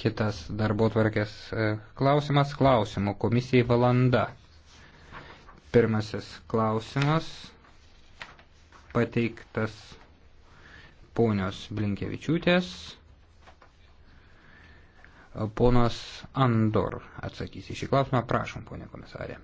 Kitas darbo tvarkės e, klausimas - klausimų komisijai valanda. Pirmasis klausimas pateiktas ponios Blinkevičiūtės. Ponas Andor atsakys į šį klausimą. Prašom, ponė komisarė.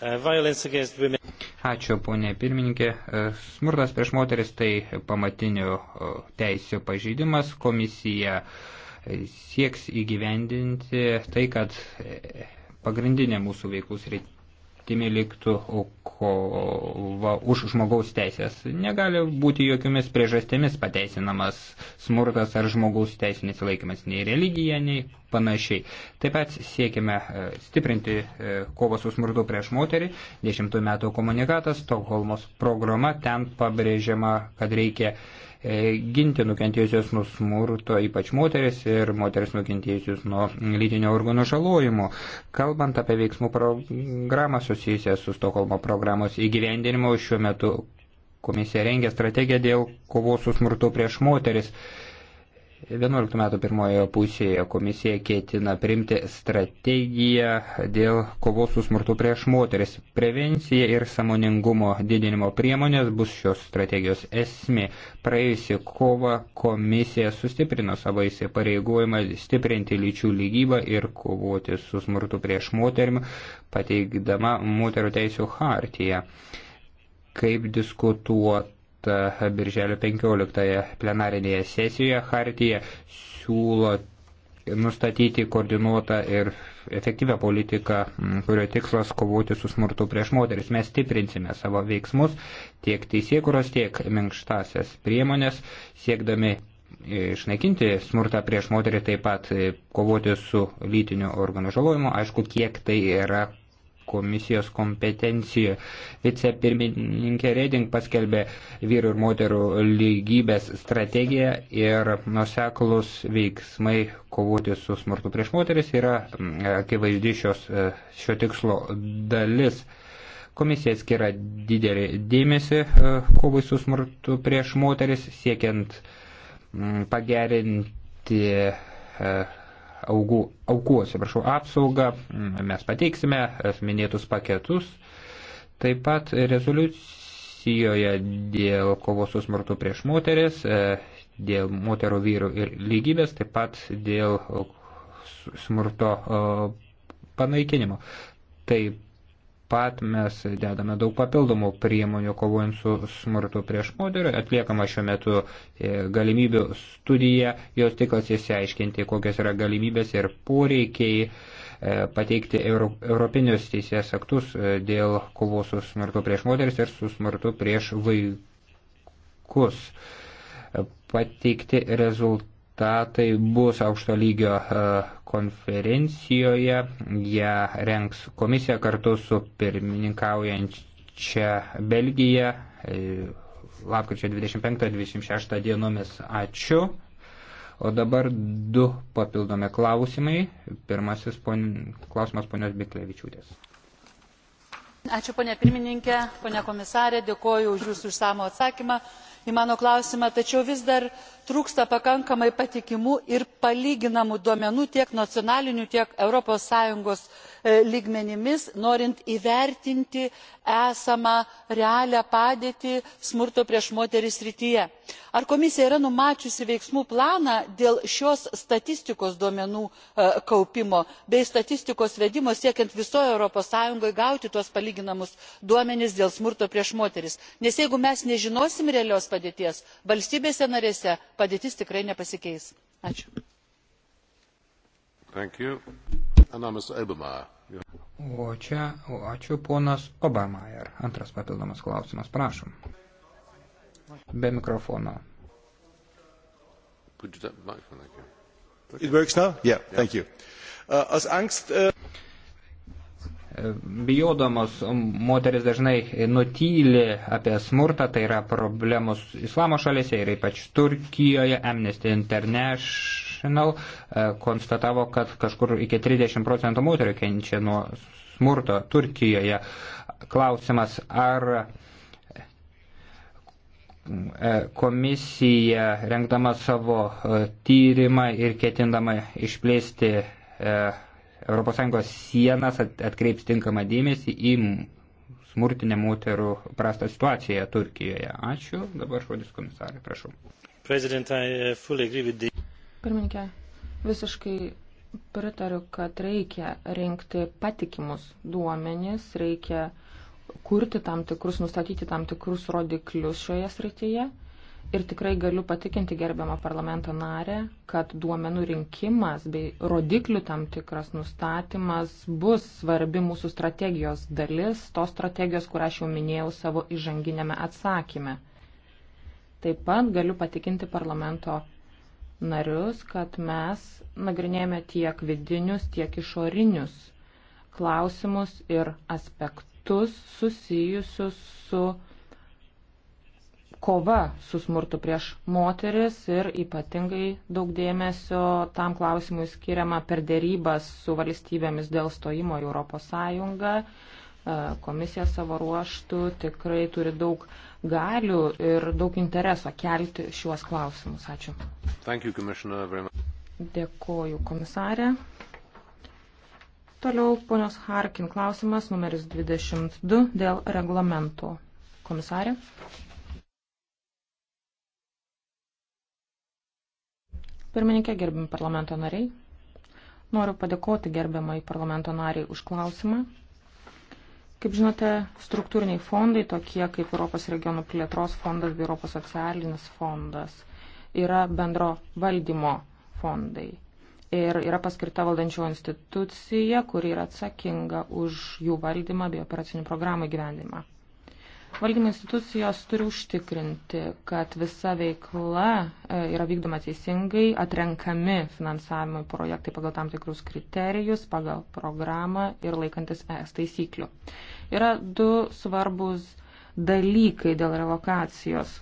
Uh, Ačiū, ponė pirmininkė. E, smurtas prieš moteris tai pamatinių e, teisų pažydimas. Komisija e, sieks įgyvendinti tai, kad pagrindinė mūsų veiklus reikia kryptimi liktų kova už žmogaus teisės. Negali būti jokiomis priežastėmis pateisinamas smurtas ar žmogaus teisinis laikymas nei religija, nei panašiai. Taip pat siekime e, stiprinti e, kovą su smurtu prieš moterį. Dešimtų metų komunikatas, Stokholmos programa, ten pabrėžiama, kad reikia E, ginti nukentėjusios nuo smurto, ypač moteris ir moteris nukentėjusius nuo lytinio organų žalojimo. Kalbant apie veiksmų programą susijusią su Stokholmo programos įgyvendinimu, šiuo metu komisija rengia strategiją dėl kovos su smurtu prieš moteris. 11 metų pirmojoje pusėje komisija ketina priimti strategiją dėl kovos su smurtu prieš moteris. Prevencija ir samoningumo didinimo priemonės bus šios strategijos esmė. Praėjusi kova komisija sustiprino savo įsipareigojimą stiprinti lyčių lygybą ir kovoti su smurtu prieš moterim, pateikdama moterų teisų hartiją. Kaip diskutuota E, birželio 15 plenarinėje sesijoje Hartija siūlo nustatyti koordinuotą ir efektyvę politiką, kurio tikslas kovoti su smurtu prieš moteris. Mes stiprinsime savo veiksmus tiek teisėkuros, tiek minkštasias priemonės, siekdami e, išnaikinti smurtą prieš moterį, taip pat e, kovoti su lytiniu organų žalojimu. Aišku, kiek tai yra komisijos kompetencijų. Vicepirmininkė Reding paskelbė vyrų ir moterų lygybės strategiją ir nuseklus veiksmai kovoti su smurtu prieš moteris yra mm, akivaizdi šios, e, šio tikslo dalis. Komisija skiria didelį dėmesį e, kovai su smurtu prieš moteris, siekiant mm, pagerinti e, augų, aukų atsiprašau, apsaugą, mm, mes pateiksime minėtus paketus. Taip pat rezoliucijoje dėl kovos su smurtu prieš moteris, e, dėl moterų vyrų ir lygybės, taip pat dėl smurto panaikinimo. Taip pat mes dedame daug papildomų priemonių kovojant su smurtu prieš moterį. Atliekama šiuo metu e, galimybių studija, jos tiklas įsiaiškinti, kokios yra galimybės ir poreikiai e, pateikti euro, europinius teisės aktus e, dėl kovos su smurtu prieš moteris ir su smurtu prieš vaikus. Pateikti rezultatai rezultatai bus aukšto lygio e, konferencijoje. Ją renks komisija kartu su pirmininkaujančia Belgija e, lapkričio 25-26 dienomis. Ačiū. O dabar du papildomi klausimai. Pirmasis pon... klausimas ponios Biklevičiūtės. Ačiū ponė pirmininkė, ponė komisarė, dėkoju už Jūsų išsamo atsakymą į mano klausimą tačiau vis dar trūksta pakankamai patikimų ir palyginamų duomenų tiek nacionaliniu tiek europos sąjungos E, lygmenimis norint įvertinti esamą realią padėtį smurto prieš moteris srityje. ar komisija yra numačiusi veiksmų planą dėl šios statistikos duomenų e, kaupimo bei statistikos vedimo siekiant visoje europos sąjungoje gauti tuos palyginamus duomenis dėl smurto prieš moteris nes jeigu mes nežinosime realios padėties valstybėse narėse padėtis tikrai nepasikeis. O čia, o ačiū ponas Obermeier. Antras papildomas klausimas, prašom. Be mikrofono. It works now? Yeah, thank you. Uh, aus Angst. Uh... E, bijodamos moteris dažnai nutyli apie smurtą, tai yra problemos islamo šalėse ir ypač Turkijoje, Amnesty International International e, konstatavo, kad kažkur iki 30 procentų moterių kenčia nuo smurto Turkijoje. Klausimas, ar e, komisija rengdama savo e, tyrimą ir ketindama išplėsti ES sienas atkreips tinkamą dėmesį į smurtinę moterų prastą situaciją Turkijoje. Ačiū. Dabar žodis komisarai, prašau. Pirminkė, visiškai pritariu, kad reikia rinkti patikimus duomenys, reikia kurti tam tikrus, nustatyti tam tikrus rodiklius šioje srityje. Ir tikrai galiu patikinti gerbiamą parlamento narę, kad duomenų rinkimas bei rodiklių tam tikras nustatymas bus svarbi mūsų strategijos dalis, tos strategijos, kurią aš jau minėjau savo įžanginėme atsakyme. Taip pat galiu patikinti parlamento narius, kad mes nagrinėjame tiek vidinius, tiek išorinius klausimus ir aspektus susijusius su kova su smurtu prieš moteris ir ypatingai daug dėmesio tam klausimui skiriama per dėrybas su valstybėmis dėl stojimo į ES. Komisija savo ruoštų tikrai turi daug galių ir daug intereso kelti šiuos klausimus. Ačiū. You, Dėkoju, komisarė. Toliau ponios Harkin klausimas numeris 22 dėl reglamento. Komisarė. Pirmininkė, gerbim parlamento nariai. Noriu padėkoti gerbiamai parlamento nariai už klausimą. Kaip žinote, struktūriniai fondai, tokie kaip Europos regionų plėtros fondas bei Europos socialinis fondas, yra bendro valdymo fondai. Ir yra paskirta valdančioji institucija, kuri yra atsakinga už jų valdymą bei operacinių programų gyvendimą. Valdymo institucijos turi užtikrinti, kad visa veikla e, yra vykdoma teisingai, atrenkami finansavimo projektai pagal tam tikrus kriterijus, pagal programą ir laikantis ES taisyklių. Yra du svarbus dalykai dėl relokacijos.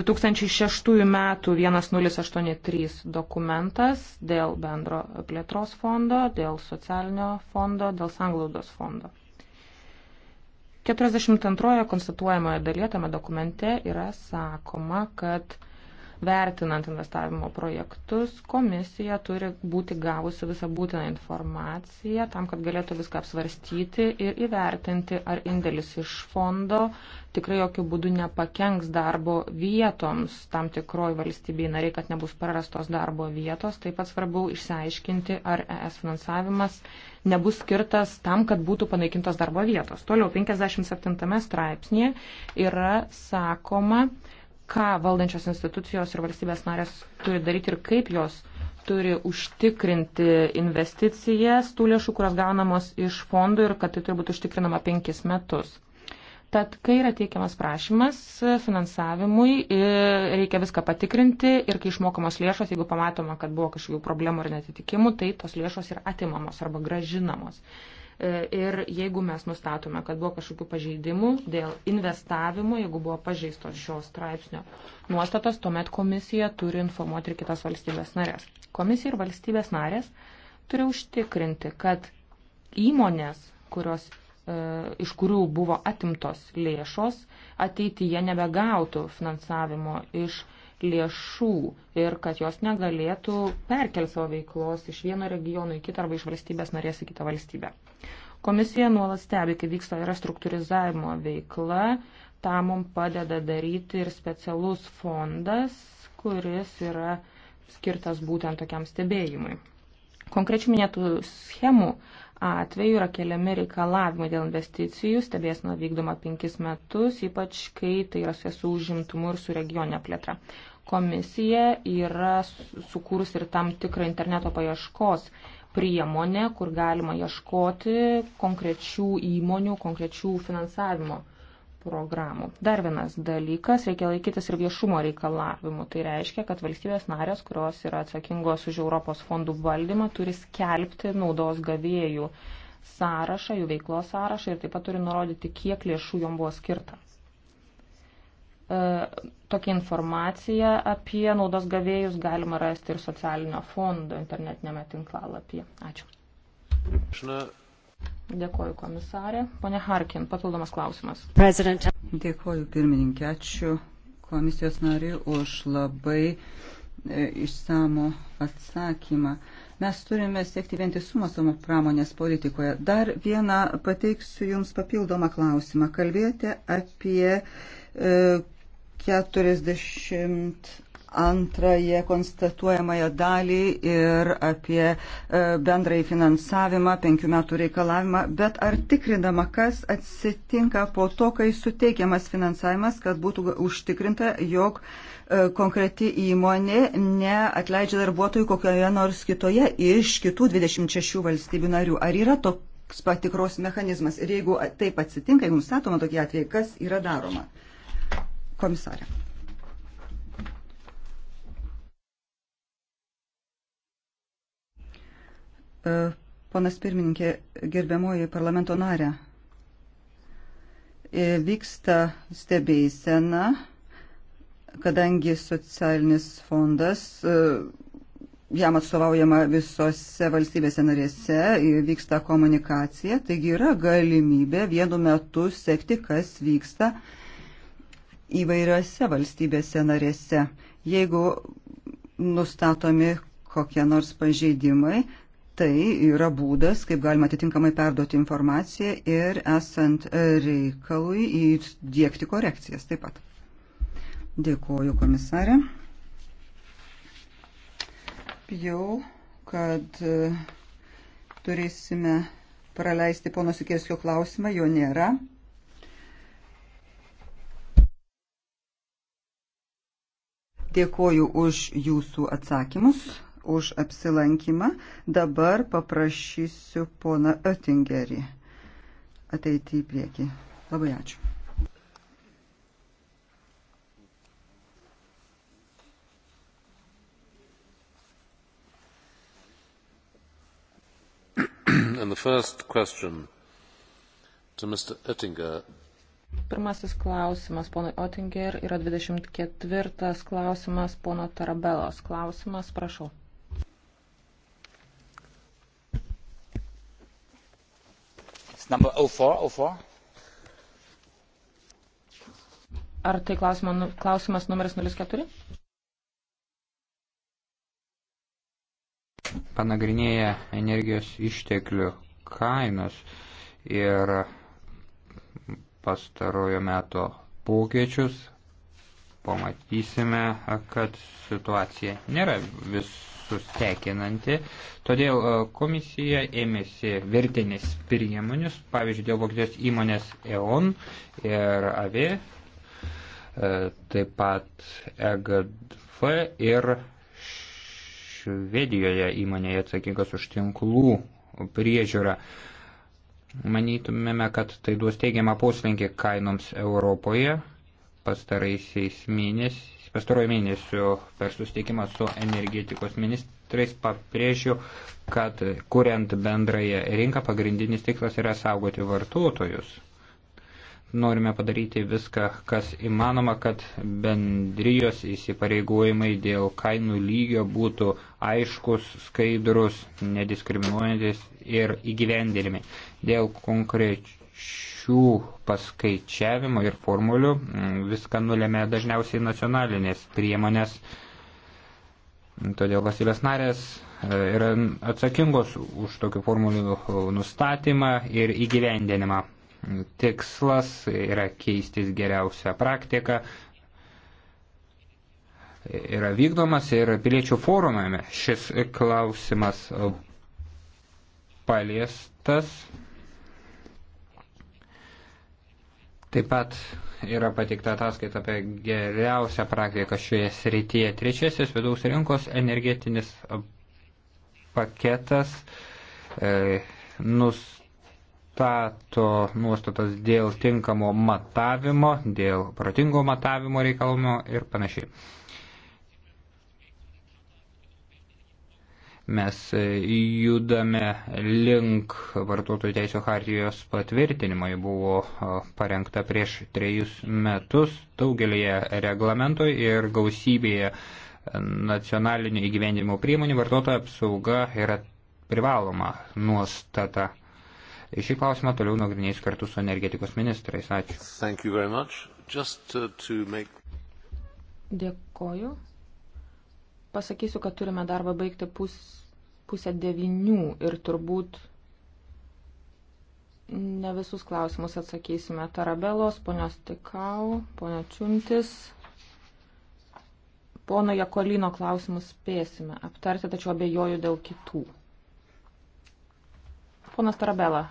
2006 m. 1083 dokumentas dėl bendro plėtros fondo, dėl socialinio fondo, dėl sanglaudos fondo. 42 konstatuojamoje dalyje tame dokumente yra sakoma, kad Vertinant investavimo projektus, komisija turi būti gavusi visą būtiną informaciją tam, kad galėtų viską apsvarstyti ir įvertinti, ar indėlis iš fondo tikrai jokių būdų nepakenks darbo vietoms tam tikroj valstybei nariai, kad nebus prarastos darbo vietos. Taip pat svarbu išsiaiškinti, ar ES finansavimas nebus skirtas tam, kad būtų panaikintos darbo vietos. Toliau 57 straipsnėje yra sakoma, ką valdančios institucijos ir valstybės narės turi daryti ir kaip jos turi užtikrinti investicijas tų lėšų, kurios gaunamos iš fondų ir kad tai turi būti užtikrinama penkis metus. Tad, kai yra teikiamas prašymas finansavimui, reikia viską patikrinti ir kai išmokamos lėšos, jeigu pamatoma, kad buvo kažkokių problemų ar netitikimų, tai tos lėšos yra atimamos arba gražinamos. E, ir jeigu mes nustatome, kad buvo kažkokių pažeidimų dėl investavimo, jeigu buvo pažeistos šios straipsnio nuostatos, tuomet komisija turi informuoti ir kitas valstybės narės. Komisija ir valstybės narės turi užtikrinti, kad įmonės, kurios e, iš kurių buvo atimtos lėšos, ateityje nebegautų finansavimo iš lėšų ir kad jos negalėtų perkel savo veiklos iš vieno regiono į kitą arba iš valstybės narės į kitą valstybę. Komisija nuolat stebi, kaip vyksta restruktūrizavimo veikla, tą mums padeda daryti ir specialus fondas, kuris yra skirtas būtent tokiam stebėjimui. Konkrečių minėtų schemų atveju yra keliami reikalavimai dėl investicijų, stebėsina vykdoma penkis metus, ypač kai tai yra susijęs su užimtumu ir su regioninė plėtra. Komisija yra sukūrusi ir tam tikrą interneto paieškos priemonė, kur galima ieškoti konkrečių įmonių, konkrečių finansavimo programų. Dar vienas dalykas, reikia laikytis ir viešumo reikalavimų. Tai reiškia, kad valstybės narės, kurios yra atsakingos už Europos fondų valdymą, turi skelbti naudos gavėjų sąrašą, jų veiklos sąrašą ir taip pat turi nurodyti, kiek lėšų jom buvo skirtas. E, tokią informaciją apie naudos gavėjus galima rasti ir socialinio fondo internetinėme tinklalapyje. Ačiū. Žinau. Dėkoju komisarė. Pone Harkin, papildomas klausimas. President. Dėkoju pirmininkė, ačiū komisijos nariui už labai e, išsamų atsakymą. Mes turime siekti vientisumą savo pramonės politikoje. Dar vieną pateiksiu Jums papildomą klausimą. Kalbėjote apie e, 42 konstatuojamąją dalį ir apie e, bendrąjį finansavimą, penkių metų reikalavimą, bet ar tikrinama, kas atsitinka po to, kai suteikiamas finansavimas, kad būtų užtikrinta, jog e, konkreti įmonė neatleidžia darbuotojų kokioje nors kitoje iš kitų 26 valstybių narių. Ar yra toks patikros mechanizmas? Ir jeigu taip atsitinka, jeigu nustatoma tokie atvejai, kas yra daroma? komisarė. E, ponas pirmininkė, gerbiamoji parlamento narė, e, vyksta stebėjsena, kadangi socialinis fondas, e, jam atstovaujama visose valstybėse narėse, vyksta komunikacija, taigi yra galimybė vienu metu sekti, kas vyksta įvairiose valstybėse narėse. Jeigu nustatomi kokie nors pažeidimai, tai yra būdas, kaip galima atitinkamai perduoti informaciją ir esant reikalui įdėkti korekcijas taip pat. Dėkuoju komisarė. Jau, kad e, turėsime praleisti pono Sikirskio klausimą, jo nėra. Dėkoju už jūsų atsakymus, už apsilankymą. Dabar paprašysiu pona Oettingerį ateiti į priekį. Labai ačiū. and the first question to mr oettinger Pirmasis klausimas, ponai Otinger, yra 24 klausimas, pono Tarabelos. Klausimas, prašau. It's number 04, 04. Ar tai klausimo, nu-, klausimas numeris 04? Panagrinėja energijos išteklių kainos ir pastarojo meto pokyčius, pamatysime, kad situacija nėra visus tekinanti. Todėl e, komisija ėmėsi vertinės priemonės, pavyzdžiui, dėl Vokietijos įmonės EON ir AV, e, taip pat EGF ir Švedijoje įmonėje atsakingas už tinklų priežiūrą. Manytumėme, kad tai duos teigiamą poslinkį kainoms Europoje pastaraisiais mėnesiais. Pastaruoju mėnesiu per susitikimą su energetikos ministrais pabrėžiu, kad kuriant bendrąją rinką pagrindinis tikslas yra saugoti vartotojus. Norime padaryti viską, kas įmanoma, kad bendrijos įsipareigojimai dėl kainų lygio būtų aiškus, skaidrus, nediskriminuojantis ir įgyvendinimi. Dėl konkrečių paskaičiavimų ir formulių mm, viską nulėmė dažniausiai nacionalinės priemonės. Todėl valstybės narės e, yra atsakingos už tokių formulių nustatymą ir įgyvendinimą tikslas yra keistis geriausią praktiką, yra vykdomas ir piliečių forume šis klausimas paliestas. Taip pat yra pateikta ataskaita apie geriausią praktiką šioje srityje. Trečiasis vidaus rinkos energetinis paketas e, nus, nustato nuostatas dėl tinkamo matavimo, dėl protingo matavimo reikalumo ir panašiai. Mes judame link vartotojų teisų hartijos patvirtinimo. Ji buvo parengta prieš trejus metus daugelėje reglamentoj ir gausybėje nacionalinių įgyvendimo priemonių vartotojo apsauga yra privaloma nuostata. Šį klausimą toliau nagrinės kartu su energetikos ministrais. Ačiū. Uh, make... Dėkoju. Pasakysiu, kad turime darbą baigti pus, pusę devinių ir turbūt ne visus klausimus atsakysime. Tarabelos, ponios Tikau, ponio Čiuntis. Pono Jakolino klausimus spėsime aptarti, tačiau abejoju dėl kitų. Ponas Tarabela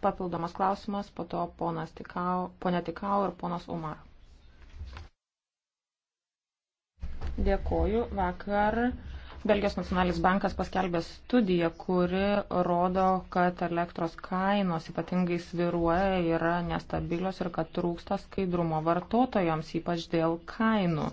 papildomas klausimas, po to ponas Tikau, ponė Tikau ir ponas Umar. Dėkoju. Vakar Belgijos nacionalinis bankas paskelbė studiją, kuri rodo, kad elektros kainos ypatingai sviruoja, yra nestabilios ir kad trūksta skaidrumo vartotojams, ypač dėl kainų.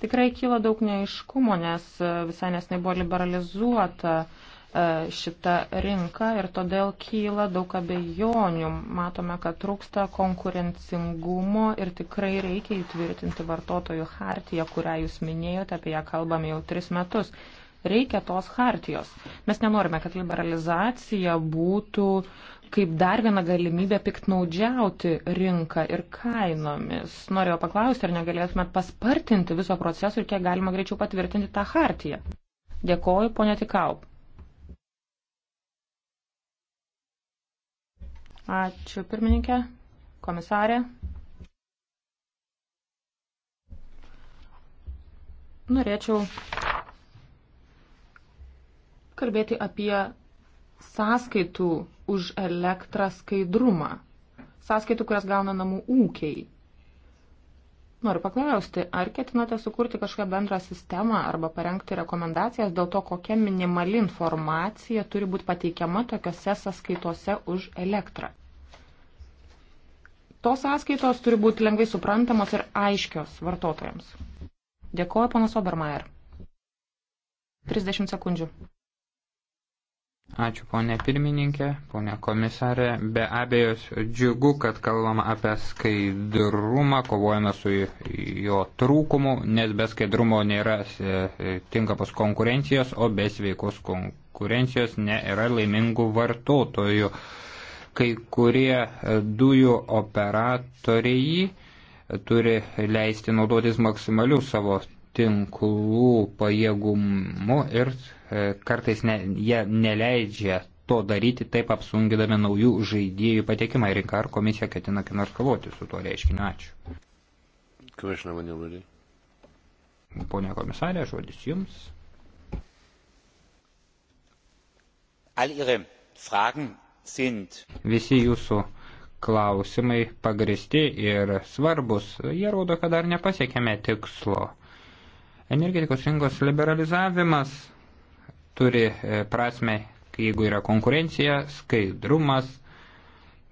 Tikrai kyla daug neaiškumo, nes visai nesnai buvo liberalizuota uh, E, šita rinka ir todėl kyla daug abejonių. Matome, kad trūksta konkurencingumo ir tikrai reikia įtvirtinti vartotojų hartiją, kurią jūs minėjote, apie ją kalbame jau tris metus. Reikia tos hartijos. Mes nenorime, kad liberalizacija būtų kaip dar viena galimybė piktnaudžiauti rinką ir kainomis. Norėjau paklausti, ar negalėtumėt paspartinti viso proceso ir kiek galima greičiau patvirtinti tą hartiją. Dėkoju, ponė Tikau. Ačiū pirmininkė, komisarė. Norėčiau kalbėti apie sąskaitų už elektrą skaidrumą. Sąskaitų, kurias gauna namų ūkiai. Noriu paklausti, ar ketinate sukurti kažkokią bendrą sistemą arba parengti rekomendacijas dėl to, kokia minimali informacija turi būti pateikiama tokiuose sąskaitose už elektrą? Tos sąskaitos turi būti lengvai suprantamos ir aiškios vartotojams. Dėkuoju, panas Obermeier. 30 sekundžių. Ačiū, ponė pirmininkė, ponė komisarė. Be abejo, džiugu, kad kalbama apie skaidrumą, kovojame su jo trūkumu, nes be skaidrumo nėra e, e, tinkamos konkurencijos, o be sveikos konkurencijos nėra laimingų vartotojų. Kai kurie e, dujų operatoriai turi leisti naudotis maksimaliu savo tinklų pajėgumu ir E, kartais ne, jie neleidžia to daryti, taip apsungydami naujų žaidėjų patekimą į rinką. Ar komisija ketina nors kovoti su tuo reiškiniu? Ačiū. Pone komisarė, žodis jums. Visi jūsų klausimai pagristi ir svarbus. Jie rodo, kad dar nepasiekėme tikslo. Energetikos rinkos liberalizavimas turi e, prasme, jeigu yra konkurencija, skaidrumas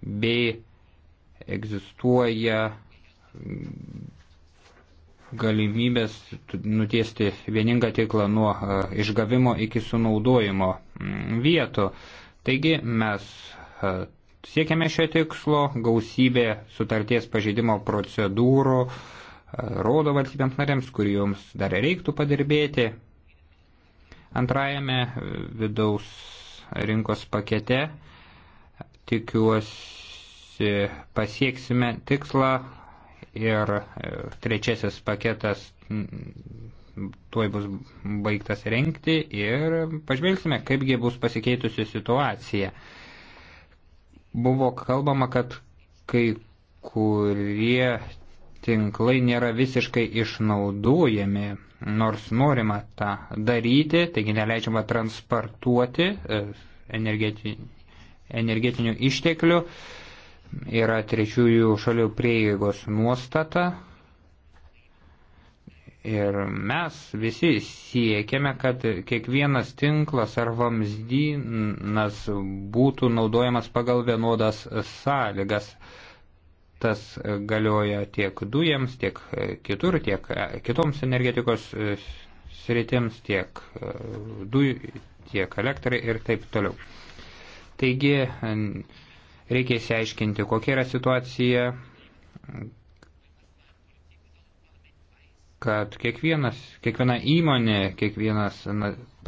bei egzistuoja mm, galimybės nutiesti vieningą tiklą nuo e, išgavimo iki sunaudojimo mm, vietų. Taigi mes e, siekiame šio tikslo, gausybė sutarties pažeidimo procedūrų rodo valstybėms narėms, kur joms dar reiktų padirbėti. Antrajame e, vidaus rinkos pakete tikiuosi pasieksime tikslą ir e, trečiasis paketas tuoj bus baigtas renkti ir pažvelgsime, kaipgi bus pasikeitusi situacija. Buvo kalbama, kad kai kurie tinklai nėra visiškai išnaudojami, nors norima tą daryti, taigi neleidžiama transportuoti e, energetinių išteklių, yra trečiųjų šalių prieigos nuostata. Ir mes visi siekiame, kad kiekvienas tinklas ar vamzdynas būtų naudojamas pagal vienodas sąlygas. Tas galioja tiek dujams, tiek kitur, tiek e, kitoms energetikos e, sritims, tiek e, dujų, tiek elektrai ir taip toliau. Taigi reikia įsiaiškinti, kokia yra situacija, kad kiekvienas, kiekviena įmonė, kiekvienas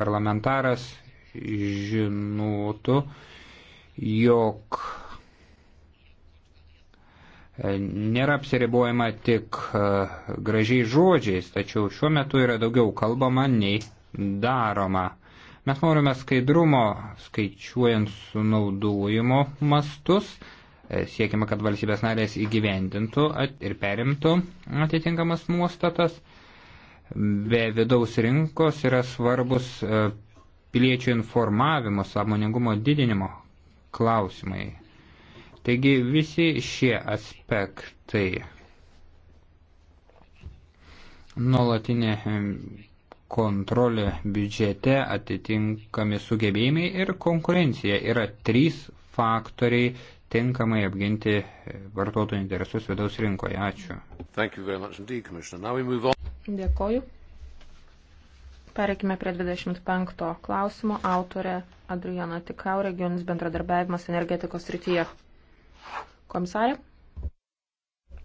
parlamentaras žinotų, jog E, nėra apsiribojama tik e, gražiai žodžiais, tačiau šiuo metu yra daugiau kalbama nei daroma. Mes norime skaidrumo, skaičiuojant sunaudojimo mastus, e, siekime, kad valstybės narės įgyvendintų ir perimtų atitinkamas nuostatas. Be vidaus rinkos yra svarbus piliečių informavimo, sąmoningumo didinimo klausimai. Taigi visi šie aspektai nuolatinė kontrolė biudžete, atitinkami sugebėjimai ir konkurencija yra trys faktoriai tinkamai apginti e, vartotojų interesus vidaus rinkoje. Ačiū. Indeed, Dėkoju. Pereikime prie 25 klausimo. Autorė Adriana Tikau, regionis bendradarbiavimas energetikos srityje. Komisarė,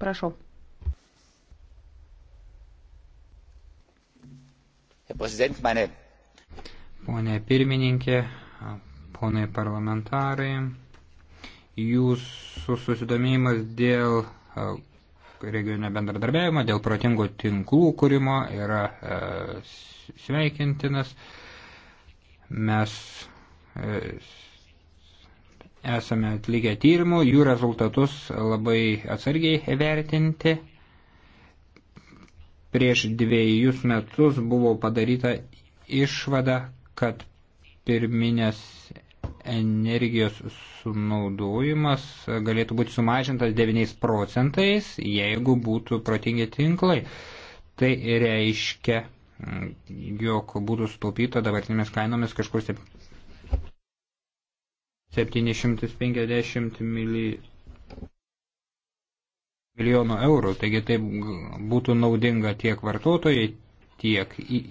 prašau. Pone pirmininkė, ponai parlamentarai, jūsų susidomėjimas dėl regioninio bendradarbiavimo, dėl protingų tinklų kūrimo yra e, sveikintinas. Mes e, esame atlikę tyrimų, jų rezultatus labai atsargiai vertinti. Prieš dviejus metus buvo padaryta išvada, kad pirminės energijos sunaudojimas galėtų būti sumažintas 9 procentais, jeigu būtų protingi tinklai. Tai reiškia, jog būtų sutaupyta dabartinėmis kainomis kažkur 750 mili... milijonų eurų. Taigi tai būtų naudinga tiek vartotojai, tiek į...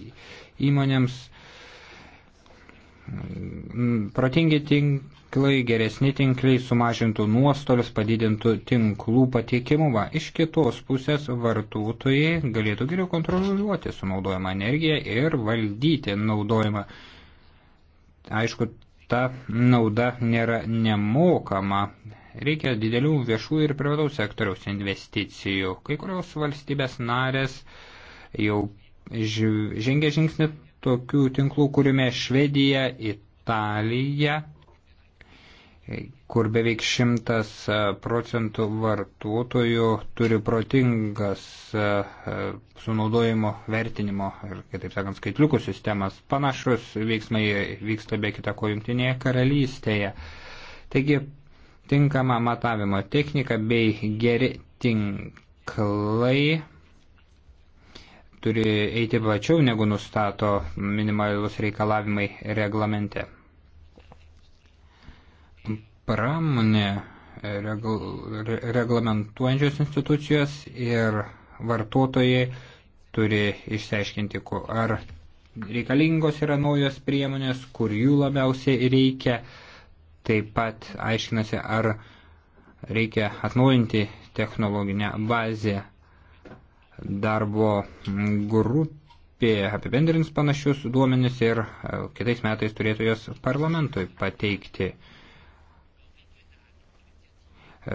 įmonėms. Protingi tinklai, geresni tinkliai sumažintų nuostolius, padidintų tinklų patikimumą. Iš kitos pusės vartotojai galėtų geriau kontroliuoti sunaudojamą energiją ir valdyti naudojimą. Aišku, ta nauda nėra nemokama. Reikia didelių viešų ir privataus sektoriaus investicijų. Kai kurios valstybės narės jau žengia žingsnį tokių tinklų, kuriame Švedija, Italija kur beveik šimtas e, procentų vartotojų turi protingas e, e, sunaudojimo vertinimo ir, kitaip sakant, skaitliukų sistemas. Panašus veiksmai vyksta be kita ko jungtinėje karalystėje. Taigi, tinkama matavimo technika bei geri tinklai turi eiti plačiau negu nustato minimalus reikalavimai reglamente pramonė e, regl, reglamentuojančios institucijos ir vartotojai turi išsiaiškinti, ar reikalingos yra naujos priemonės, kur jų labiausiai reikia. Taip pat aiškinasi, ar reikia atnaujinti technologinę bazę. Darbo grupė apibendrins panašius duomenis ir e, kitais metais turėtų jos parlamentui pateikti. E,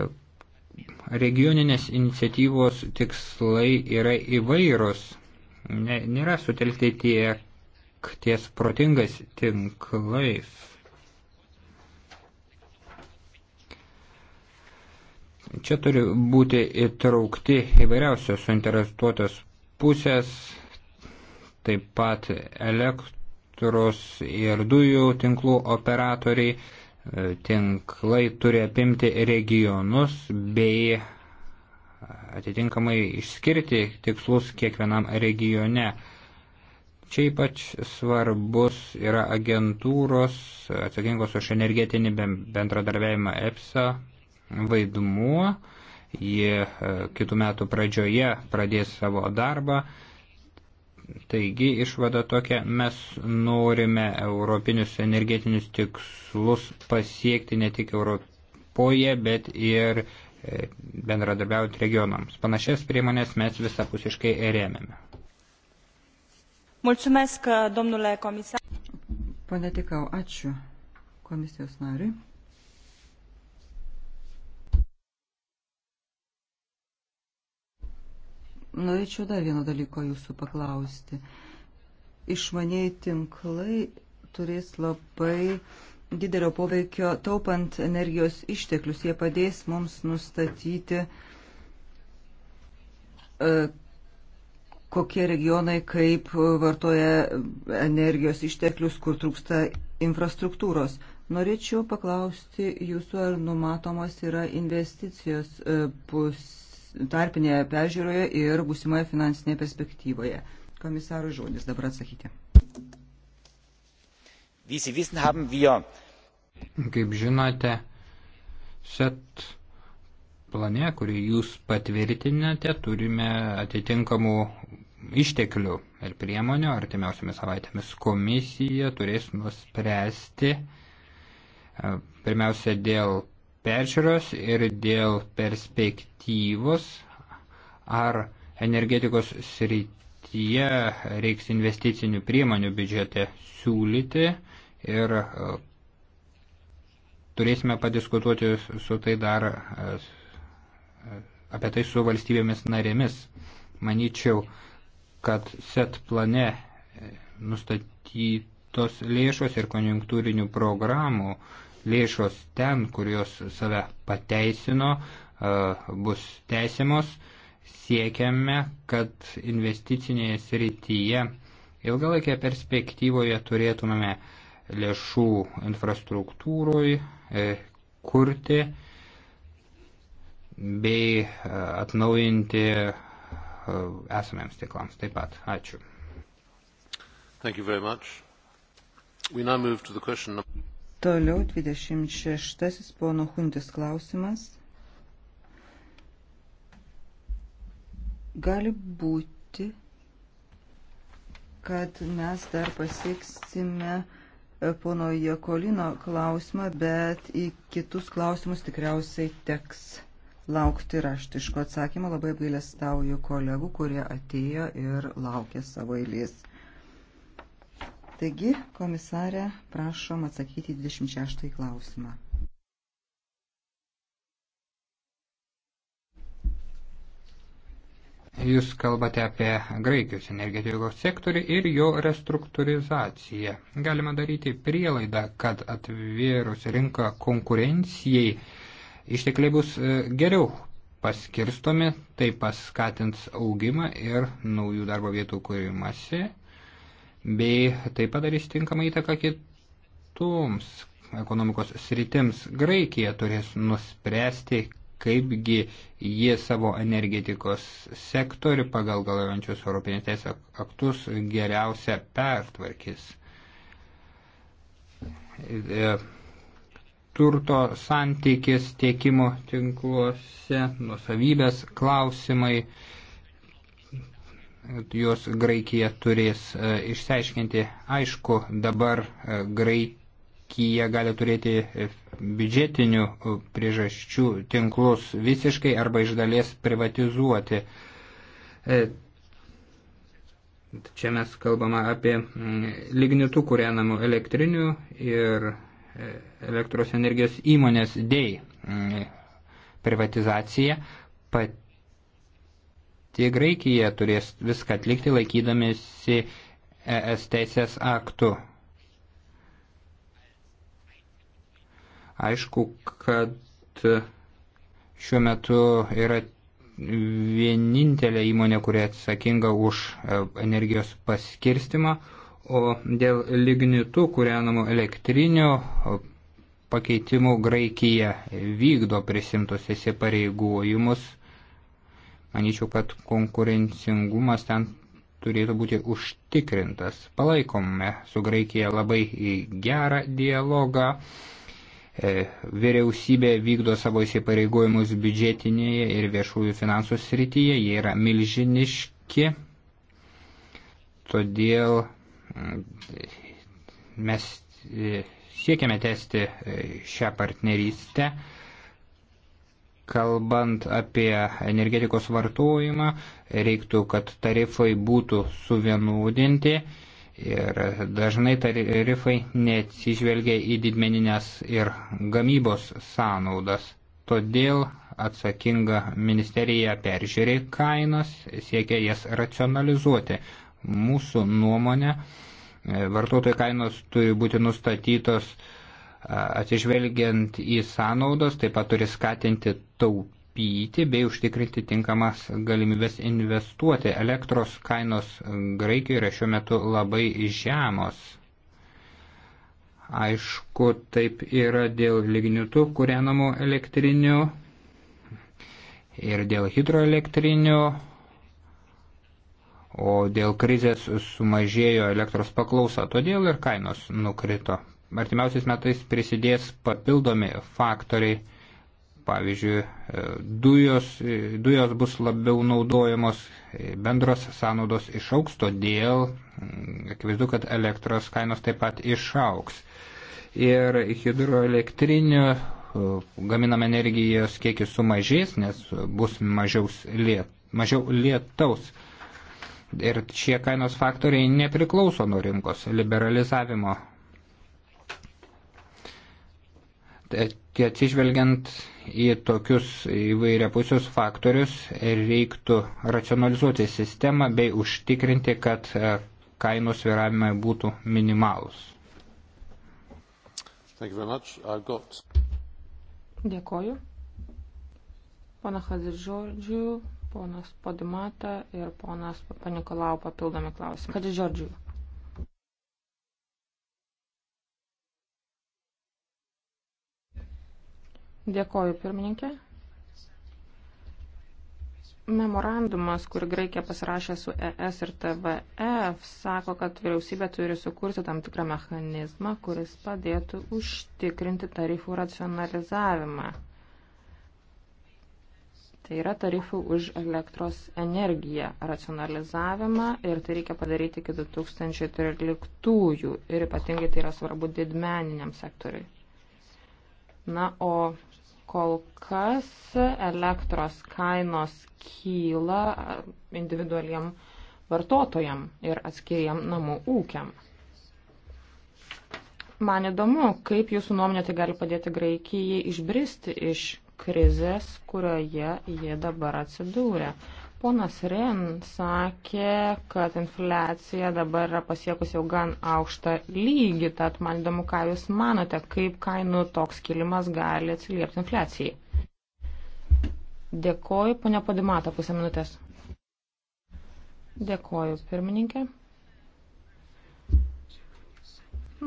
regioninės iniciatyvos tikslai yra įvairūs. Nėra sutelkti tiek ties protingas tinklais. Čia turi būti įtraukti įvairiausios suinteresuotos pusės, taip pat elektros ir dujų tinklų operatoriai tinklai turi apimti regionus bei atitinkamai išskirti tikslus kiekvienam regione. Čia ypač svarbus yra agentūros atsakingos už energetinį bendradarbiavimą EPSA vaidmuo. Ji e, kitų metų pradžioje pradės savo darbą. Taigi išvada tokia, mes norime europinius energetinius tikslus pasiekti ne tik Europoje, bet ir e, bendradarbiauti regionams. Panašias priemonės mes visapusiškai rėmėme. Mulțumesc, domnule comisar. Pone Tikau, ačiū komisijos nariui. Norėčiau dar vieno dalyko jūsų paklausti. Išmaniai tinklai turės labai didelio poveikio taupant energijos išteklius. Jie padės mums nustatyti, e, kokie regionai kaip vartoja energijos išteklius, kur trūksta infrastruktūros. Norėčiau paklausti jūsų, ar numatomos yra investicijos e, pus tarpinėje peržiūroje ir būsimoje finansinėje perspektyvoje. Komisaro žodis dabar atsakyti. Kaip žinote, set plane, kurį jūs patvirtinate, turime atitinkamų išteklių ir priemonių. Artimiausiamis savaitėmis komisija turės nuspręsti e, pirmiausia dėl peržiūros ir dėl perspektyvos, ar energetikos srityje reiks investicinių priemonių biudžete siūlyti ir e, turėsime padiskutuoti su tai dar e, apie tai su valstybėmis narėmis. Manyčiau, kad set plane e, nustatytos lėšos ir konjunktūrinių programų uh, lėšos ten, kurios save pateisino, bus teisimos. Siekiame, kad investicinėje srityje ilgalaikėje perspektyvoje turėtumėme lėšų infrastruktūrui e, kurti bei e, atnaujinti e, esamiems tiklams taip pat. Ačiū. Thank you very much. We now move to the question number... Toliau 26. pono Huntis klausimas. Gali būti, kad mes dar pasieksime e, pono Jekolino klausimą, bet į kitus klausimus tikriausiai teks laukti raštiško atsakymo. Labai apgailestauju kolegų, kurie atėjo ir laukė savo eilės. Taigi, komisarė, prašom atsakyti 26 klausimą. Jūs kalbate apie Graikijos energetikos sektorių ir jo restruktūrizaciją. Galima daryti prielaidą, kad atvėrus rinką konkurencijai ištekliai bus e, geriau paskirstomi, tai paskatins augimą ir naujų darbo vietų kūrimasi bei tai padarys tinkamą įtaką kitoms ekonomikos sritims. Graikija turės nuspręsti, kaipgi jie savo energetikos sektorių pagal galiojančius Europinės teisės aktus geriausia pertvarkys. E, turto santykis tiekimo tinkluose, nusavybės klausimai, juos Graikija turės e, išsiaiškinti. Aišku, dabar e, Graikija gali turėti e, biudžetinių priežasčių tinklus visiškai arba iš dalies privatizuoti. Čia mes kalbame apie lignitų kūrenamų elektrinių ir elektros energijos įmonės dėj privatizacija. Pat tie Graikija turės viską atlikti laikydamėsi ES teisės aktų. Aišku, kad šiuo metu yra vienintelė įmonė, kuri atsakinga už e, energijos paskirstimą, o dėl lignitų kūrenamų elektrinių e, pakeitimų Graikija vykdo prisimtus įsipareigojimus Manyčiau, kad konkurencingumas ten turėtų būti užtikrintas. Palaikome su Graikija labai gerą dialogą. E, vyriausybė vykdo savo įsipareigojimus biudžetinėje ir viešųjų finansų srityje. Jie yra milžiniški. Todėl mm, mes e, siekiame tęsti e, šią partnerystę kalbant apie energetikos vartojimą, reiktų, kad tarifai būtų suvienodinti ir dažnai tarifai neatsižvelgia į didmeninės ir gamybos sąnaudas. Todėl atsakinga ministerija peržiūri kainas, siekia jas racionalizuoti. Mūsų nuomonė, e, vartotojų kainos turi būti nustatytos uh, atsižvelgiant į sąnaudos, taip pat turi skatinti taupyti bei užtikrinti tinkamas galimybės investuoti. Elektros kainos Graikijoje yra šiuo metu labai žemos. Aišku, taip yra dėl lignitų kūrenamų elektrinių ir dėl hidroelektrinių, o dėl krizės sumažėjo elektros paklausa, todėl ir kainos nukrito artimiausiais metais prisidės papildomi faktoriai. Pavyzdžiui, e, dujos, e, dujos bus labiau naudojamos, e, bendros sąnaudos išauks, todėl mm, akivaizdu, kad elektros kainos taip pat išauks. Ir hidroelektrinių gaminama energijos kiekis sumažės, nes bus mažiaus liet, mažiau lietaus. Ir šie kainos faktoriai nepriklauso nuo rinkos liberalizavimo. atsižvelgiant į tokius įvairiapusius faktorius reiktų racionalizuoti sistemą bei užtikrinti, kad e, kainų sviravimai būtų minimalus. Got... Dėkoju. Pana Hadžodžių, ponas Podimata ir ponas Panikolau papildomi klausimai. Hadžodžių. Dėkoju, pirmininkė. Memorandumas, kur Graikija pasirašė su ES ir TVF, e, sako, kad vyriausybė turi sukurti tam tikrą mechanizmą, kuris padėtų užtikrinti tarifų racionalizavimą. Tai yra tarifų už elektros energiją racionalizavimą ir tai reikia padaryti iki 2013 ir ypatingai tai yra svarbu didmeniniam sektoriui. Na, o Kol kas elektros kainos kyla individualiem vartotojam ir atskiriem namų ūkiam. Man įdomu, kaip jūsų nuomonė tai gali padėti Graikijai išbristi iš krizės, kurioje jie dabar atsidūrė. Ponas Ren sakė, kad infliacija dabar yra pasiekusi jau gan aukštą lygį, tad man įdomu, ką Jūs manote, kaip kainų toks kilimas gali atsiliepti infliacijai. Dėkoju, ponia Padimata, pusę minutės. Dėkoju, pirmininkė.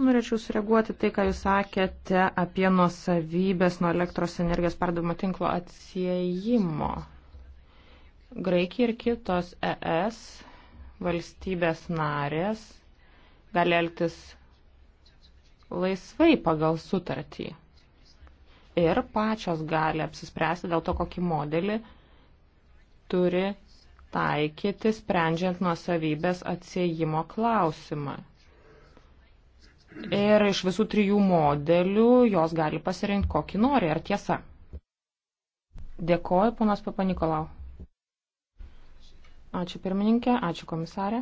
Norėčiau sureaguoti tai, ką Jūs sakėte apie nuosavybės nuo elektros energijos perdavimo tinklo atsiejimo. Graikija ir kitos ES valstybės narės gali elgtis laisvai pagal sutartį. Ir pačios gali apsispręsti dėl to, kokį modelį turi taikyti, sprendžiant nuosavybės atsiejimo klausimą. Ir iš visų trijų modelių jos gali pasirinkti kokį nori, ar tiesa. Dėkoju, ponas Papanikolau. Ačiū pirmininkė, ačiū komisarė.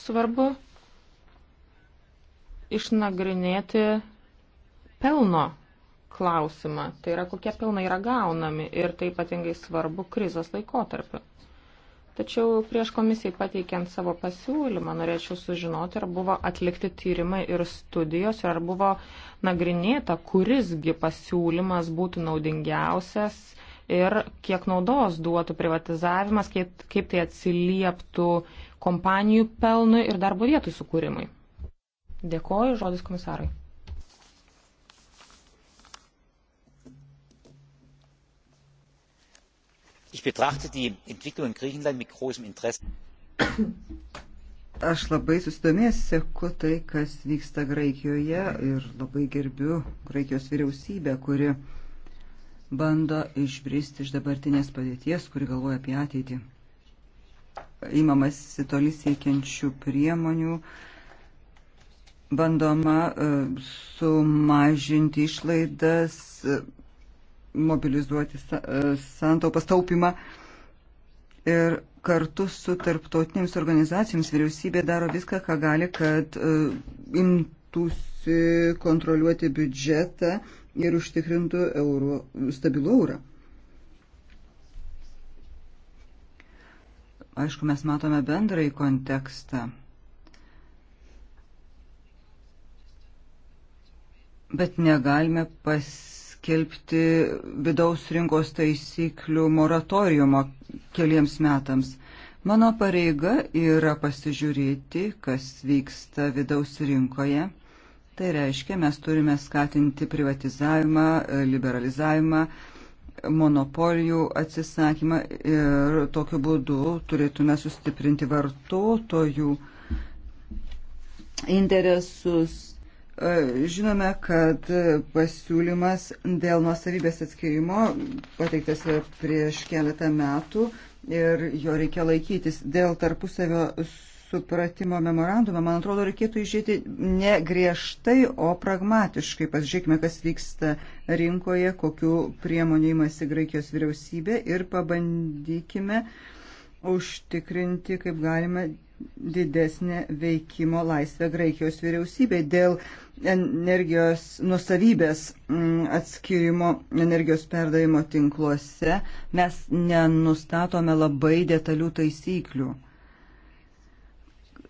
Svarbu išnagrinėti pelno klausimą. Tai yra, kokie pelnai yra gaunami ir tai ypatingai svarbu krizės laikotarpiu. Tačiau prieš komisijai pateikiant savo pasiūlymą norėčiau sužinoti, ar buvo atlikti tyrimai ir studijos, ir ar buvo nagrinėta, kurisgi pasiūlymas būtų naudingiausias ir kiek naudos duotų privatizavimas, kaip, kaip tai atsilieptų kompanijų pelnui ir darbo vietų sukūrimui. Dėkoju, žodis komisarai. Ich betrachte die Entwicklung in Griechenland mit großem Interesse. Aš labai susidomėjęs seku tai, kas vyksta Graikijoje ir labai gerbiu Graikijos vyriausybę, kuri uh, bando išbristi iš dabartinės padėties, kuri galvoja apie ateitį. Įmamas toli siekiančių priemonių, bandoma e, sumažinti išlaidas, e, mobilizuoti e, santaupas taupimą ir kartu su tarptautinėms organizacijoms vyriausybė daro viską, ką gali, kad imtųsi kontroliuoti biudžetą ir užtikrintų euro, stabilų eurą. Aišku, mes matome bendrąjį kontekstą. Bet negalime paskelbti vidaus rinkos taisyklių moratoriumo keliems metams. Mano pareiga yra pasižiūrėti, kas vyksta vidaus rinkoje Tai reiškia, mes turime skatinti privatizavimą, liberalizavimą, monopolijų atsisakymą ir tokiu būdu turėtume sustiprinti vartotojų interesus. E, žinome, kad pasiūlymas dėl nuosavybės atskirimo pateiktas prieš keletą metų ir jo reikia laikytis dėl tarpusavio supratimo memorandumą, man atrodo, reikėtų išėti ne griežtai, o pragmatiškai. Pasižiūrėkime, kas vyksta rinkoje, kokiu priemonė įmasi Graikijos vyriausybė ir pabandykime užtikrinti, kaip galima, didesnę veikimo laisvę Graikijos vyriausybei dėl energijos nusavybės mm, atskirimo energijos perdavimo tinkluose. Mes nenustatome labai detalių taisyklių.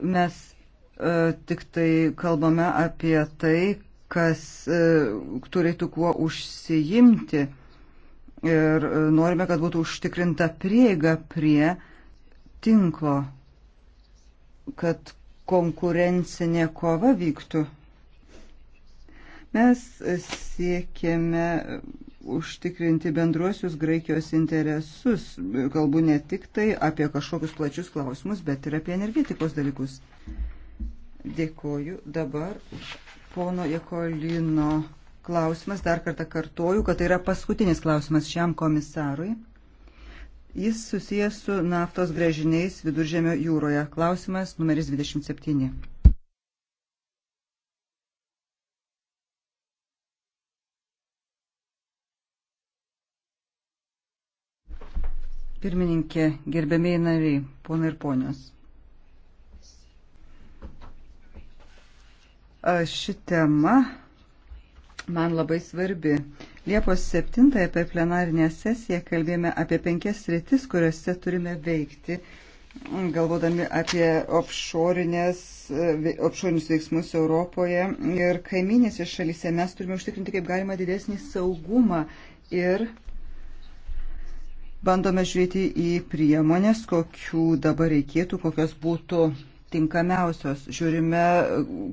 Mes e, tik tai kalbame apie tai, kas e, turėtų kuo užsiimti ir e, norime, kad būtų užtikrinta prieiga prie tinklo, kad konkurencinė kova vyktų. Mes siekėme užtikrinti bendruosius Graikijos interesus. Kalbu ne tik tai apie kažkokius plačius klausimus, bet ir apie energetikos dalykus. Dėkoju. Dabar pono Jekolino klausimas. Dar kartą kartoju, kad tai yra paskutinis klausimas šiam komisarui. Jis susijęs su naftos grėžiniais viduržėmio jūroje. Klausimas numeris 27. Pirmininkė, gerbėmiai nariai, ponai ir ponios. Ši tema man labai svarbi. Liepos 7-ąją per plenarinę sesiją kalbėjome apie penkias sritis, kuriuose turime veikti, galvodami apie offshorinius veiksmus Europoje ir kaiminėse šalyse. Mes turime užtikrinti kaip galima didesnį saugumą ir bandome žiūrėti į priemonės, kokių dabar reikėtų, kokios būtų tinkamiausios. Žiūrime,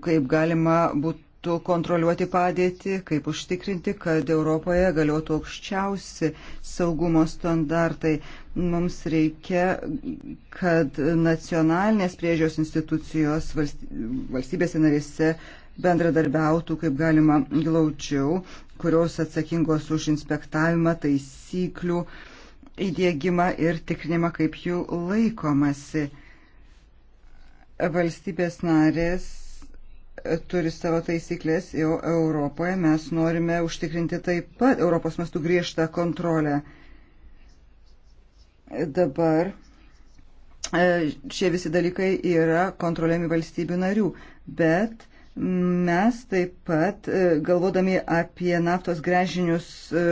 kaip galima būtų kontroliuoti padėtį, kaip užtikrinti, kad Europoje galiotų aukščiausi saugumo standartai. Mums reikia, kad nacionalinės priežios institucijos valstybėse narėse bendradarbiautų kaip galima glaučiau, kurios atsakingos už inspektavimą taisyklių uh, įdėgymą ir tikrinimą, kaip jų laikomasi. Valstybės narės turi savo taisyklės, jau Europoje mes norime užtikrinti taip pat Europos mastų griežtą kontrolę. Dabar e, šie visi dalykai yra kontroliami valstybių narių, bet mes taip pat, e, galvodami apie naftos grežinius e,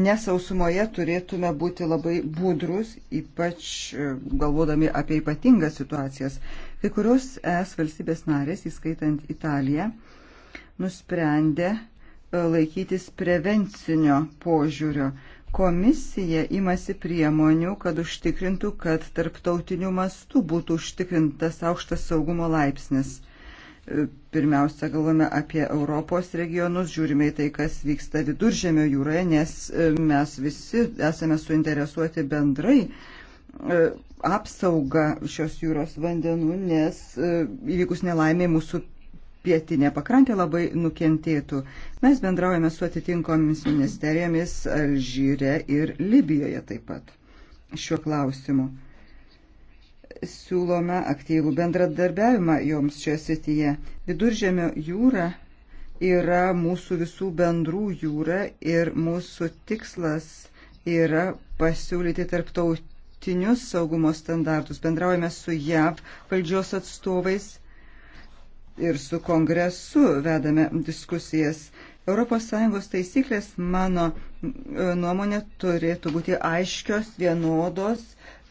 nesausumoje turėtume būti labai budrus, ypač e, galvodami apie ypatingas situacijas. Kai kurios es valstybės narės, įskaitant Italiją, nusprendė e, laikytis prevencinio požiūrio. Komisija imasi priemonių, kad užtikrintų, kad tarptautiniu mastu būtų užtikrintas aukštas saugumo laipsnis. Pirmiausia, galvome apie Europos regionus, žiūrime į tai, kas vyksta viduržėmio jūroje, nes e, mes visi esame suinteresuoti bendrai e, apsaugą šios jūros vandenų, nes e, įvykus nelaimiai mūsų pietinė pakrantė labai nukentėtų. Mes bendraujame su atitinkomis ministerijomis Alžyre ir Libijoje taip pat šiuo klausimu siūlome aktyvų bendradarbiavimą joms šioje srityje. Viduržėmio jūra yra mūsų visų bendrų jūra ir mūsų tikslas yra pasiūlyti tarptautinius saugumo standartus. Bendraujame su JAV valdžios atstovais ir su kongresu vedame diskusijas. ES taisyklės, mano e, nuomonė, turėtų būti aiškios, vienodos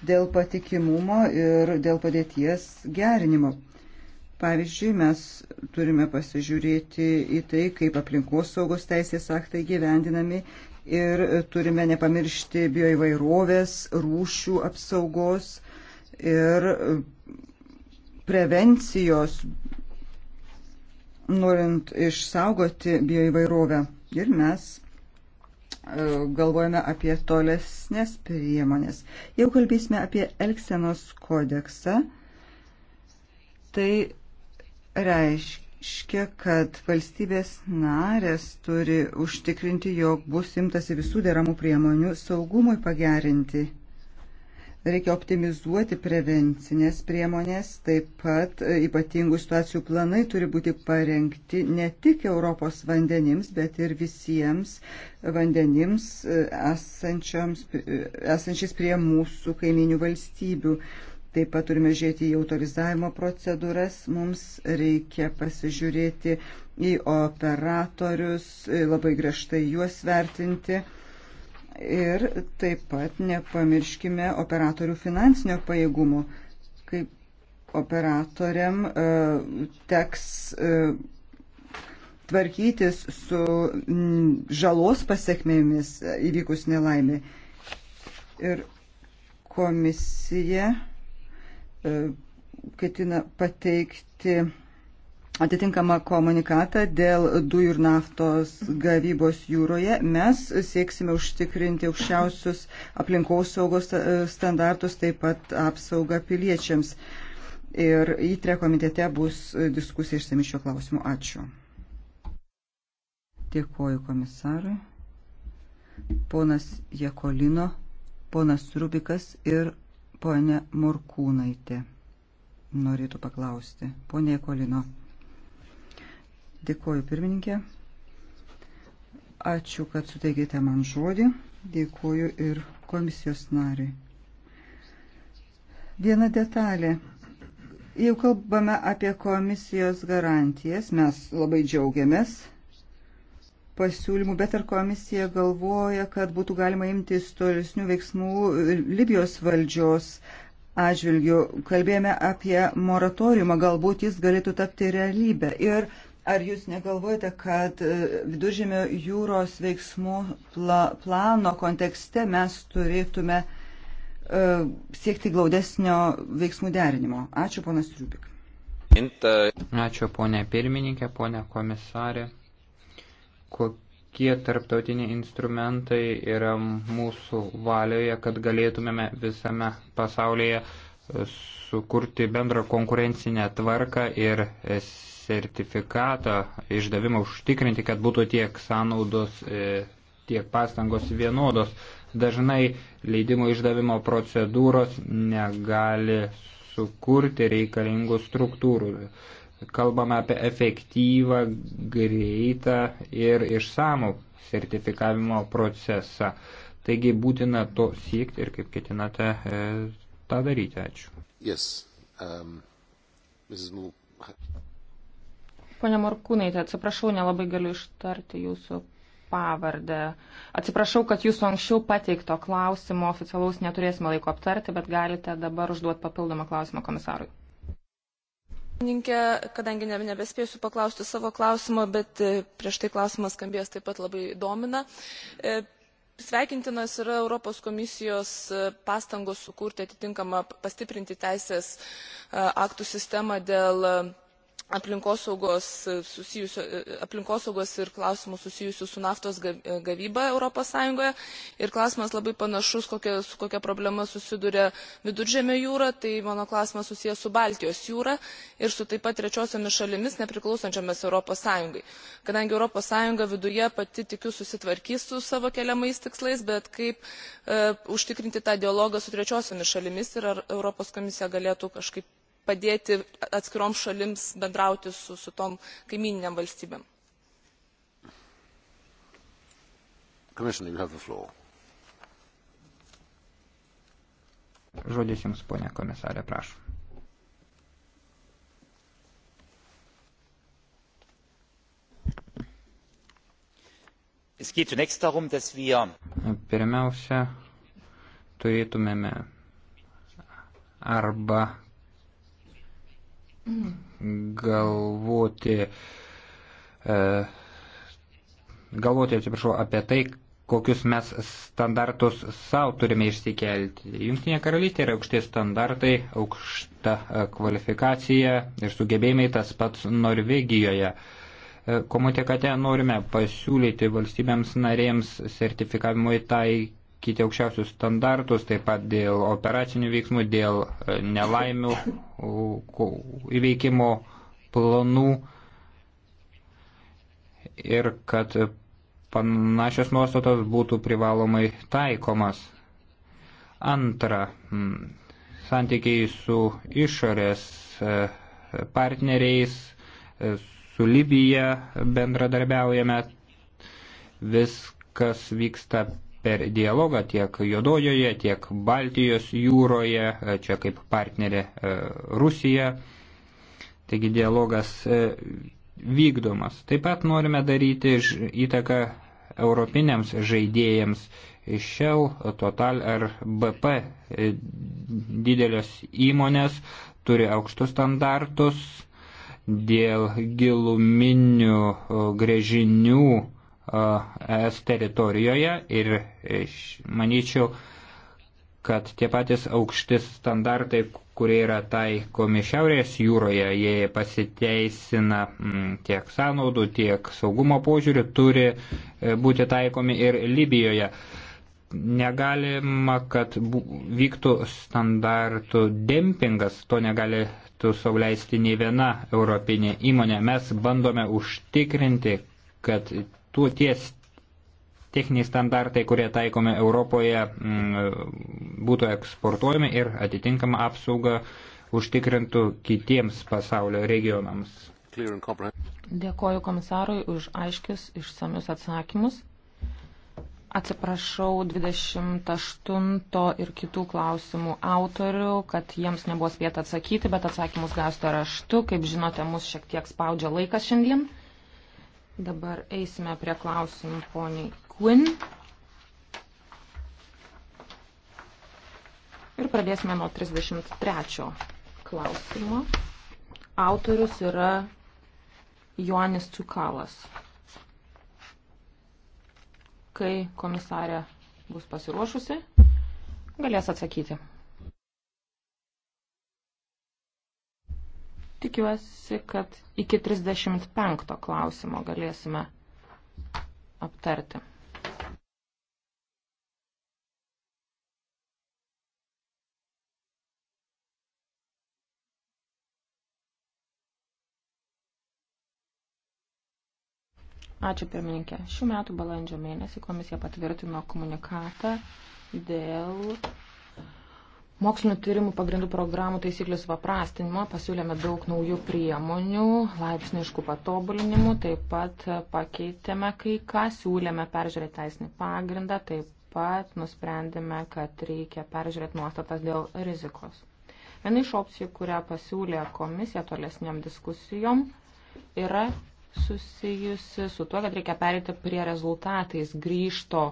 dėl patikimumo ir dėl padėties gerinimo. Pavyzdžiui, mes turime pasižiūrėti į tai, kaip aplinkos saugos teisės aktai gyvendinami ir turime nepamiršti bioįvairovės, rūšių apsaugos ir prevencijos, norint išsaugoti bioįvairovę. Ir mes galvojame apie tolesnės priemonės. Jau kalbėsime apie Elksenos kodeksą. Tai reiškia, kad valstybės narės turi užtikrinti, jog bus imtasi visų deramų priemonių saugumui pagerinti Reikia optimizuoti prevencinės priemonės, taip pat e, ypatingų situacijų planai turi būti parengti ne tik Europos vandenims, bet ir visiems vandenims e, e, esančiais prie mūsų kaiminių valstybių. Taip pat turime žiūrėti į autorizavimo procedūras, mums reikia pasižiūrėti į operatorius, labai griežtai juos vertinti. Ir taip pat nepamirškime operatorių finansinio pajėgumo, kaip operatoriam e, teks e, tvarkytis su žalos pasiekmėmis įvykus nelaimė. Ir komisija e, ketina pateikti atitinkamą komunikatą dėl dujų ir naftos gavybos jūroje, mes sieksime užtikrinti aukščiausius aplinkos saugos e, standartus, taip pat apsaugą piliečiams. Ir įtre komitete bus diskusija išsami šio klausimu. Ačiū. Dėkuoju komisarui. Ponas Jekolino, ponas Rubikas ir ponė Morkūnaitė norėtų paklausti. Ponė Jekolino. Dėkoju pirmininkė. Ačiū, kad suteikėte man žodį. Dėkoju ir komisijos nariai. Viena detalė. Jau kalbame apie komisijos garantijas. Mes labai džiaugiamės pasiūlymų, bet ar komisija galvoja, kad būtų galima imtis tolesnių veiksmų Libijos valdžios atžvilgių. Kalbėjome apie moratoriumą, galbūt jis galėtų tapti realybę. Ir Ar jūs negalvojate, kad e, viduržėmio jūros veiksmų pla, plano kontekste mes turėtume uh, siekti glaudesnio veiksmų derinimo? Ačiū, ponas Triubik. Ačiū, ponė pirmininkė, ponė komisarė. Kokie tarptautiniai instrumentai yra mūsų valioje, kad galėtumėme visame pasaulyje uh, sukurti bendrą konkurencinę tvarką ir sertifikatą išdavimą užtikrinti, kad būtų tiek sąnaudos, e, tiek pastangos vienodos. Dažnai leidimo išdavimo procedūros negali sukurti reikalingų struktūrų. Kalbame apie efektyvą, greitą ir išsamų sertifikavimo procesą. Taigi būtina to siekti ir kaip ketinate e, tą daryti. Ačiū. Yes. Um, Pone Morkūnaitė, atsiprašau, nelabai galiu ištarti jūsų pavardę. Atsiprašau, kad jūsų anksčiau pateikto klausimo oficialaus neturėsime laiko aptarti, bet galite dabar užduoti papildomą klausimą komisarui. Kadangi nebespėsiu paklausti savo klausimo, bet e, prieš tai klausimas skambės taip pat labai domina. E, sveikintinos yra europos komisijos e, pastangos sukurti atitinkamą pastiprinti teisės e, aktų sistemą dėl aplinkosaugos, e, susijusio, e, e, aplinkosaugos ir klausimų susijusių su naftos gavyba ES. Ir klausimas labai panašus, kokia, su kokia problema susiduria viduržėmio jūra, tai mano klausimas susijęs su Baltijos jūra ir su taip pat trečiosiomis šalimis nepriklausančiomis ES. Kadangi ES viduje pati tikiu susitvarkys su savo keliamais tikslais, bet kaip e, užtikrinti tą dialogą su trečiosiomis šalimis ir ar Europos komisija galėtų kažkaip padėti atskiroms šalims bendrauti su, su tom kaimininiam valstybėm. Commissioner, you have the floor. Žodis Jums, ponia komisarė, prašau. Pirmiausia, turėtumėme arba galvoti, e, galvoti, atsiprašau, apie tai, kokius mes standartus savo turime išsikelti. Junktinė karalystė yra aukšti standartai, aukšta e, kvalifikacija ir sugebėjimai tas pats Norvegijoje. E, komunikate norime pasiūlyti valstybėms narėms sertifikavimui taikyti taikyti aukščiausius standartus, taip pat dėl operacinių veiksmų, dėl e, nelaimių įveikimo planų ir kad panašios nuostatos būtų privalomai taikomas. Antra, santykiai su išorės e, partneriais, e, su Libija bendradarbiaujame, viskas vyksta per dialogą tiek Jodojoje, tiek Baltijos jūroje, čia kaip partnerė e, Rusija. Taigi dialogas e, vykdomas. Taip pat norime daryti įtaką europiniams žaidėjams Shell, Total ar BP. E, didelės įmonės turi aukštus standartus dėl giluminių grėžinių ES teritorijoje ir e, manyčiau, kad tie patys aukšti standartai, kurie yra taikomi Šiaurės jūroje, jie pasiteisina mm, tiek sąnaudų, tiek saugumo požiūrių, turi e, būti taikomi ir Libijoje. Negalima, kad vyktų standartų dempingas, to negalėtų sauliaisti nei viena europinė įmonė. Mes bandome užtikrinti, kad tuo ties techniniai standartai, kurie taikome Europoje, mm, būtų eksportuojami ir atitinkama apsauga užtikrintų kitiems pasaulio regionams. Dėkoju komisarui už aiškius išsamius atsakymus. Atsiprašau 28 ir kitų klausimų autorių, kad jiems nebuvo spėta atsakyti, bet atsakymus gausite raštu. Kaip žinote, mus šiek tiek spaudžia laikas šiandien. Dabar eisime prie klausimų poniai Quinn. Ir pradėsime nuo 33 klausimo. Autorius yra Joanis Cukalas. Kai komisarė bus pasiruošusi, galės atsakyti. Tikiuosi, kad iki 35 klausimo galėsime aptarti. Ačiū pirmininkė. Šių metų balandžio mėnesį komisija patvirtino komunikatą dėl Mokslinio tyrimų pagrindų programų taisyklių supaprastinimo pasiūlėme daug naujų priemonių, laipsniškų patobulinimų, taip pat pakeitėme kai ką, siūlėme peržiūrėti teisinį pagrindą, taip pat nusprendėme, kad reikia peržiūrėti nuostatas dėl rizikos. Viena iš opcijų, kurią pasiūlė komisija tolesniam diskusijom, yra susijusi su tuo, kad reikia perėti prie rezultatais grįžto,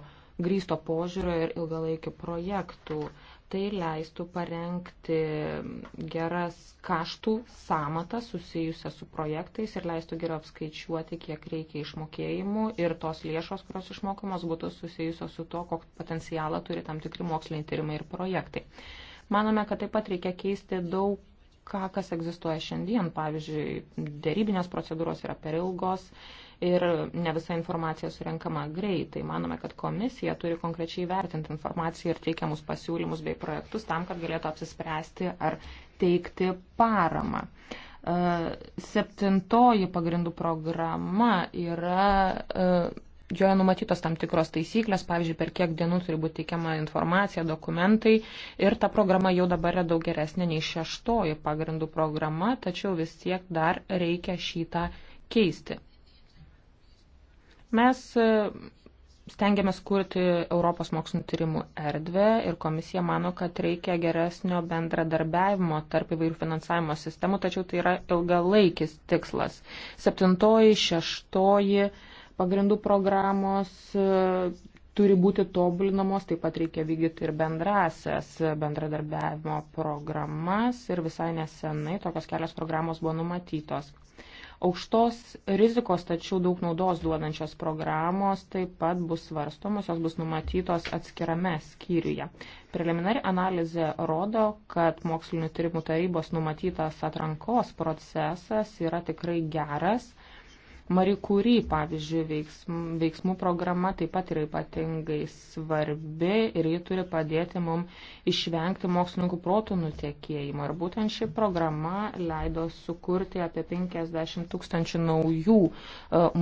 grįžto požiūrio ir ilgalaikių projektų Tai leistų parengti geras kaštų samatą susijusią su projektais ir leistų geriau apskaičiuoti, kiek reikia išmokėjimų ir tos lėšos, kurios išmokamos, būtų susijusios su to, kokį potencialą turi tam tikri moksliniai tyrimai ir projektai. Manome, kad taip pat reikia keisti daug ką, kas egzistuoja šiandien. Pavyzdžiui, dėrybinės procedūros yra per ilgos ir ne visa informacija surenkama greitai. Manome, kad komisija turi konkrečiai vertinti informaciją ir teikiamus pasiūlymus bei projektus tam, kad galėtų apsispręsti ar teikti paramą. E, septintoji pagrindų programa yra e, joje numatytos tam tikros taisyklės, pavyzdžiui, per kiek dienų turi būti teikiama informacija, dokumentai ir ta programa jau dabar yra daug geresnė nei šeštoji pagrindų programa, tačiau vis tiek dar reikia šitą keisti. Mes e, stengiamės kurti Europos mokslinio tyrimų erdvę ir komisija mano, kad reikia geresnio bendradarbiavimo tarp įvairių finansavimo sistemų, tačiau tai yra ilgalaikis tikslas. Septintoji, šeštoji pagrindų programos e, turi būti tobulinamos, taip pat reikia vykdyti ir bendrasias bendradarbiavimo programas ir visai nesenai tokios kelios programos buvo numatytos. Aukštos rizikos, tačiau daug naudos duodančios programos taip pat bus svarstomos, jos bus numatytos atskirame skyriuje. Preliminari analizė rodo, kad mokslinių tyrimų tarybos numatytas atrankos procesas yra tikrai geras Marikūry, pavyzdžiui, veiksmų, veiksmų programa taip pat yra ypatingai svarbi ir ji turi padėti mums išvengti mokslininkų protų nutiekėjimo. Ir būtent ši programa leido sukurti apie 50 tūkstančių naujų e,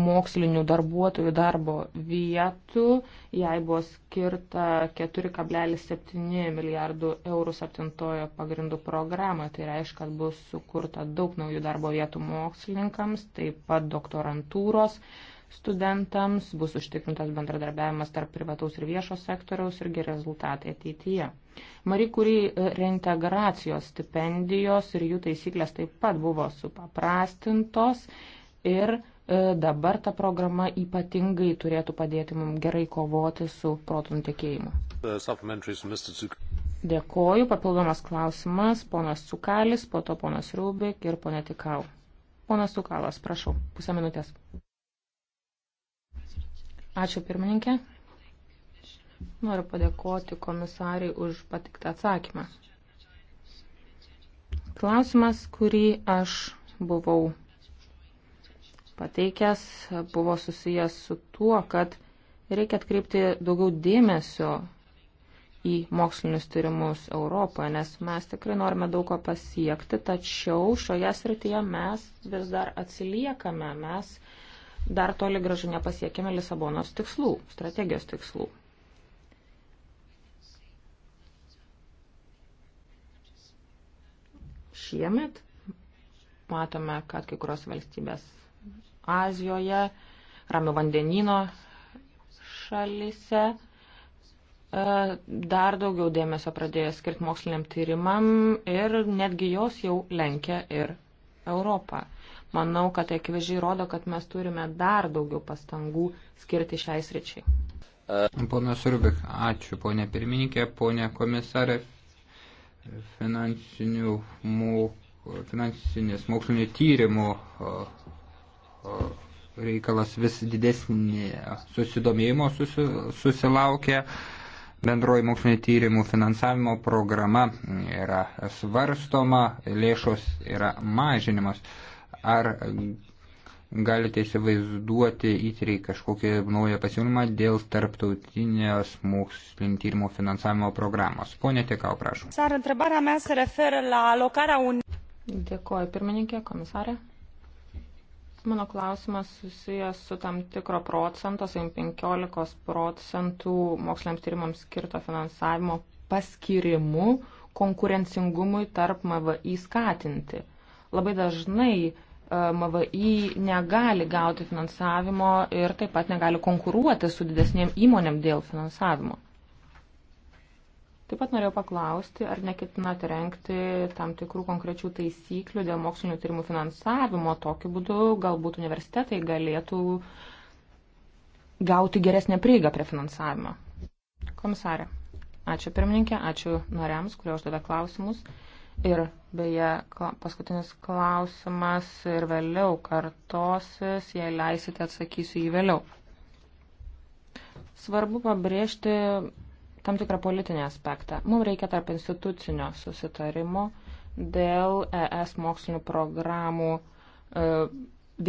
mokslinių darbuotojų darbo vietų. Jai buvo skirta 4,7 milijardų eurų septintojo pagrindų programą. Tai reiškia, kad bus sukurta daug naujų darbo vietų mokslininkams, taip pat doktorantams doktorantūros studentams, bus užtikrintas bendradarbiavimas tarp privataus ir viešo sektoriaus irgi rezultatai ateityje. Marie Curie reintegracijos stipendijos ir jų taisyklės taip pat buvo supaprastintos ir e, dabar ta programa ypatingai turėtų padėti mums gerai kovoti su protų nutekėjimu. Dėkoju. Papildomas klausimas, ponas Cukalis, po to ponas Rūbik ir ponė Tikau. Ponas Sukalas, prašau, pusę minutės. Ačiū pirmininkė. Noriu padėkoti komisariai už patiktą atsakymą. Klausimas, kurį aš buvau pateikęs, buvo susijęs su tuo, kad reikia atkreipti daugiau dėmesio į mokslinius tyrimus Europoje, nes mes tikrai norime daug ko pasiekti, tačiau šioje srityje mes vis dar atsiliekame, mes dar toli gražu nepasiekime Lisabonos tikslų, strategijos tikslų. Šiemet matome, kad kai kurios valstybės Azijoje, Ramio vandenino šalise E, dar daugiau dėmesio pradėjo skirti moksliniam tyrimam ir netgi jos jau lenkia ir Europą. Manau, kad tai akivaizdžiai rodo, kad mes turime dar daugiau pastangų skirti šiai sričiai. E, Pona Surbik, ačiū, ponė pirmininkė, ponė komisarė, finansinių mokslų, finansinės mokslinių tyrimų reikalas vis didesnį susidomėjimo susilaukia. Bendroji mokslinio tyrimų finansavimo programa yra svarstoma, lėšos yra mažinimas. Ar galite įsivaizduoti įtiriai kažkokį naują pasiūlymą dėl tarptautinės mokslinio tyrimų finansavimo programos? Pone Tikau, prašom. Dėkoju, pirmininkė, komisarė. Mano klausimas susijęs su tam tikro procento, sakim, 15 procentų moksliniams tyrimams skirto finansavimo paskirimu konkurencingumui tarp MVI skatinti. Labai dažnai e, MVI negali gauti finansavimo ir taip pat negali konkuruoti su didesnėm įmonėm dėl finansavimo. Taip pat norėjau paklausti, ar neketinate renkti tam tikrų konkrečių taisyklių dėl mokslinio tyrimų finansavimo. Tokiu būdu galbūt universitetai galėtų gauti geresnę prieigą prie finansavimo. Komisarė, ačiū pirmininkė, ačiū nariams, kurie uždavė klausimus. Ir beje, paskutinis klausimas ir vėliau kartosis, jei leisite, atsakysiu jį vėliau. Svarbu pabrėžti tam tikrą politinį aspektą. Mums reikia tarp institucinio susitarimo dėl ES mokslinių programų e,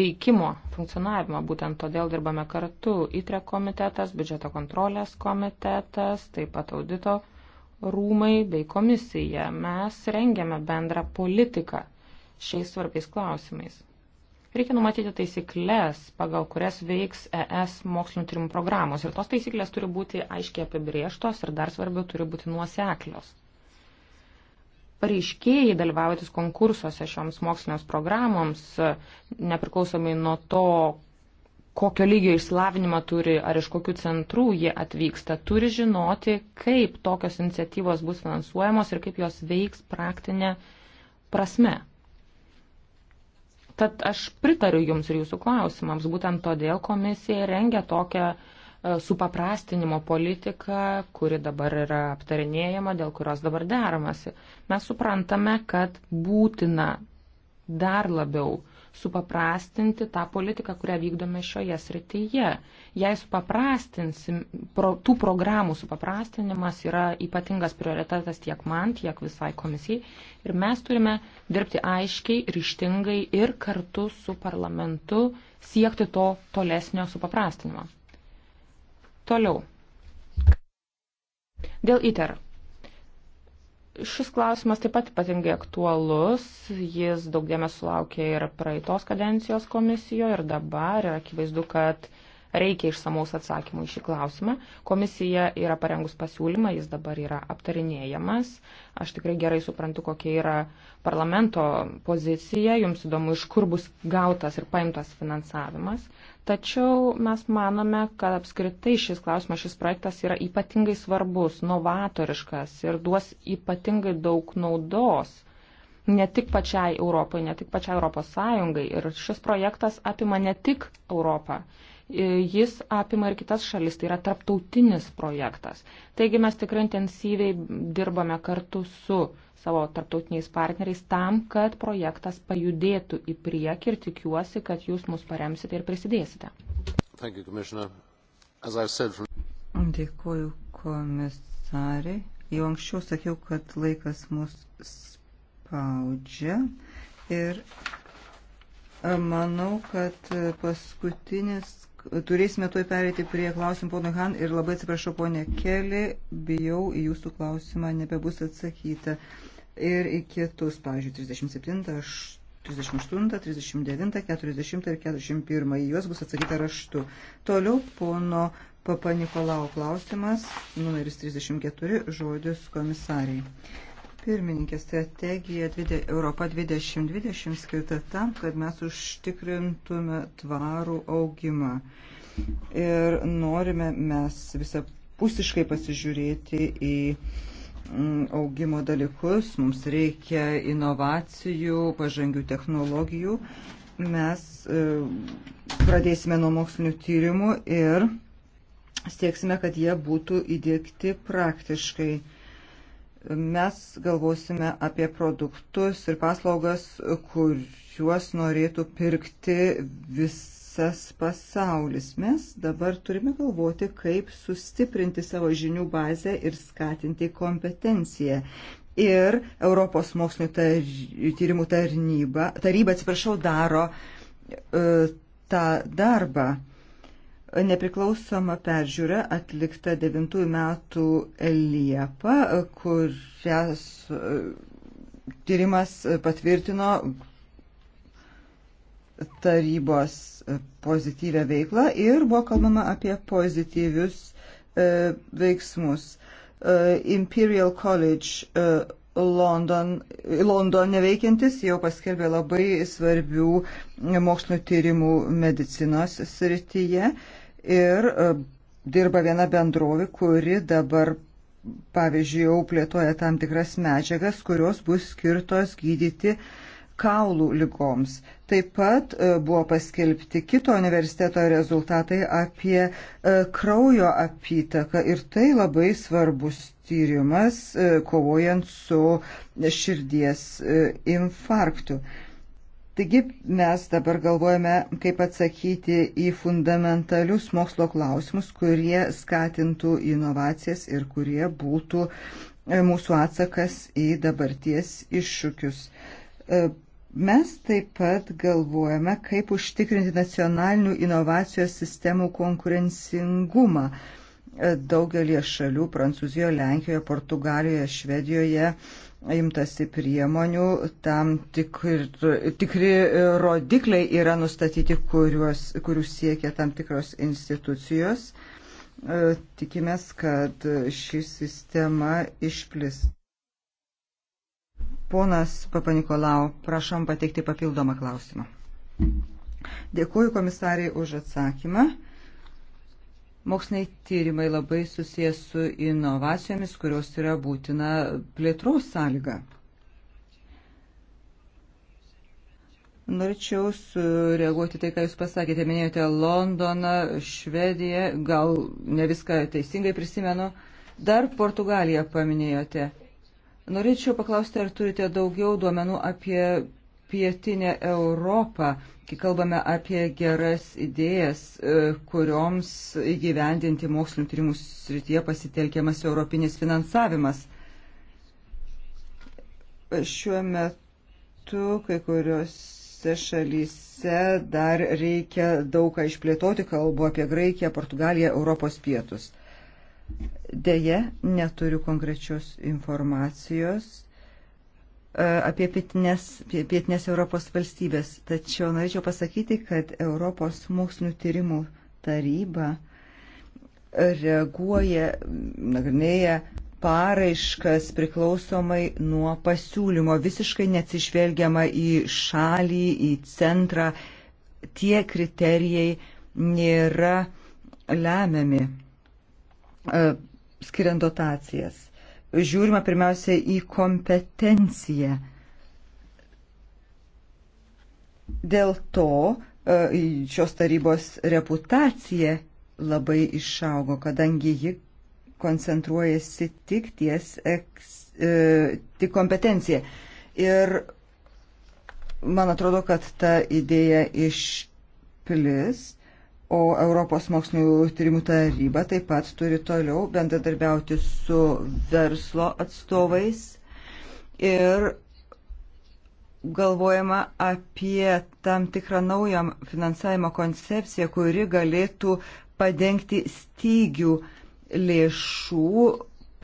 veikimo, funkcionavimo. Būtent todėl dirbame kartu ITRE komitetas, biudžeto kontrolės komitetas, taip pat audito rūmai bei komisija. Mes rengiame bendrą politiką šiais svarbiais klausimais. Reikia numatyti taisyklės, pagal kurias veiks ES mokslinio tyrimų programos. Ir tos taisyklės turi būti aiškiai apibrieštos ir dar svarbiau turi būti nuoseklios. Pareiškėjai dalyvaujantis konkursuose šioms mokslinėms programoms, nepriklausomai nuo to, kokio lygio išsilavinimą turi ar iš kokių centrų jie atvyksta, turi žinoti, kaip tokios iniciatyvos bus finansuojamos ir kaip jos veiks praktinė prasme. Tad aš pritariu Jums ir Jūsų klausimams. Būtent todėl komisija rengia tokią e, supaprastinimo politiką, kuri dabar yra aptarinėjama, dėl kurios dabar deramasi. Mes suprantame, kad būtina dar labiau uh, supaprastinti tą politiką, kurią vykdome šioje srityje. Jei supaprastinsim, pro, tų programų supaprastinimas yra ypatingas prioritetas tiek man, tiek visai komisijai. Ir mes turime dirbti aiškiai, ryštingai ir kartu su parlamentu siekti to tolesnio supaprastinimo. Toliau. Dėl ITER Šis klausimas taip pat ypatingai aktualus, jis daug dėmesio sulaukė ir praeitos kadencijos komisijoje ir dabar ir akivaizdu, kad Reikia išsamaus atsakymų į šį klausimą. Komisija yra parengus pasiūlymą, jis dabar yra aptarinėjamas. Aš tikrai gerai suprantu, kokia yra parlamento pozicija, jums įdomu, iš kur bus gautas ir paimtas finansavimas. Tačiau mes manome, kad apskritai šis klausimas, šis projektas yra ypatingai svarbus, novatoriškas ir duos ypatingai daug naudos ne tik pačiai Europai, ne tik pačiai Europos Sąjungai. Ir šis projektas apima ne tik Europą. E, jis apima ir kitas šalis, tai yra tarptautinis projektas. Taigi mes tikrai intensyviai dirbame kartu su savo tarptautiniais partneriais tam, kad projektas pajudėtų į priekį ir tikiuosi, kad jūs mus paremsite ir prisidėsite. Thank you, said... Dėkuoju komisarė. Jau anksčiau sakiau, kad laikas mus spaudžia ir e, manau, kad paskutinis turėsime tuoj pereiti prie klausimų pono Han ir labai atsiprašau ponė Keli, bijau jūsų klausimą nebebus atsakyta. Ir į kitus, pavyzdžiui, 37, 38, 39, 40 ir 41, juos bus atsakyta raštu. Toliau pono Papa Nikolau klausimas, numeris 34, žodis komisariai pirmininkė, strategija Europa 2020 skirta tam, kad mes užtikrintume tvarų augimą. Ir norime mes visapusiškai pasižiūrėti į mm, augimo dalykus, mums reikia inovacijų, pažangių technologijų. Mes e, pradėsime nuo mokslinių tyrimų ir sieksime, kad jie būtų įdėkti praktiškai mes galvosime apie produktus ir paslaugas, kuriuos norėtų pirkti visas pasaulis. Mes dabar turime galvoti, kaip sustiprinti savo žinių bazę ir skatinti kompetenciją ir Europos mokslinio tar, tyrimų tarnyba, taryba, atsiprašau, daro e, tą darbą. Nepriklausoma peržiūra atlikta 9 metų Liepą, kurias e, tyrimas patvirtino tarybos pozityvę veiklą ir buvo kalbama apie pozityvius e, veiksmus. E, Imperial College e, London, Londone veikiantis jau paskelbė labai svarbių mokslinio tyrimų medicinos srityje ir e, dirba viena bendrovė, kuri dabar pavyzdžiui, jau plėtoja tam tikras medžiagas, kurios bus skirtos gydyti uh, kaulų lygoms. Taip pat e, buvo paskelbti kito universiteto rezultatai apie e, kraujo apytaką ir tai labai svarbus tyrimas e, kovojant su širdies infarktu. Taigi mes dabar galvojame, kaip atsakyti į fundamentalius mokslo klausimus, kurie skatintų inovacijas ir kurie būtų mūsų atsakas į dabarties iššūkius. Mes taip pat galvojame, kaip užtikrinti nacionalinių inovacijos sistemų konkurencingumą daugelie šalių - Prancūzijoje, Lenkijoje, Portugalijoje, Švedijoje imtasi priemonių, tam tikri, tikri rodikliai yra nustatyti, kuriuos, kurių siekia tam tikros institucijos. Tikimės, kad ši sistema išplis. Ponas Papanikolau, prašom pateikti papildomą klausimą. Dėkuoju komisariai už atsakymą. Moksliniai tyrimai labai susijęs su inovacijomis, kurios yra būtina plėtros sąlyga. Norėčiau sureaguoti tai, ką Jūs pasakėte. Minėjote Londoną, Švediją, gal ne viską teisingai prisimenu. Dar Portugaliją paminėjote. Norėčiau paklausti, ar turite daugiau duomenų apie pietinę Europą, kai kalbame apie geras idėjas, e, kurioms įgyvendinti mokslinio tyrimų srityje pasitelkiamas europinis finansavimas. Šiuo metu kai kuriuose šalyse dar reikia daug ką išplėtoti, kalbu apie Graikiją, Portugaliją, Europos pietus. Deja, neturiu konkrečios informacijos e, apie pietinės, pietinės Europos valstybės, tačiau norėčiau pasakyti, kad Europos mokslinių tyrimų taryba reaguoja, nagrinėja paraiškas priklausomai nuo pasiūlymo, visiškai neatsižvelgiama į šalį, į centrą, tie kriterijai nėra lemiami. E, skiriant dotacijas. Žiūrima pirmiausia į kompetenciją. Dėl to e, šios tarybos reputacija labai išaugo, kadangi ji koncentruojasi tik ties eks, e, tik kompetencija. Ir man atrodo, kad ta idėja išplis O Europos mokslinio tyrimų taryba taip pat turi toliau bendradarbiauti su verslo atstovais ir galvojama apie tam tikrą naują finansavimo koncepciją, kuri galėtų padengti stygių lėšų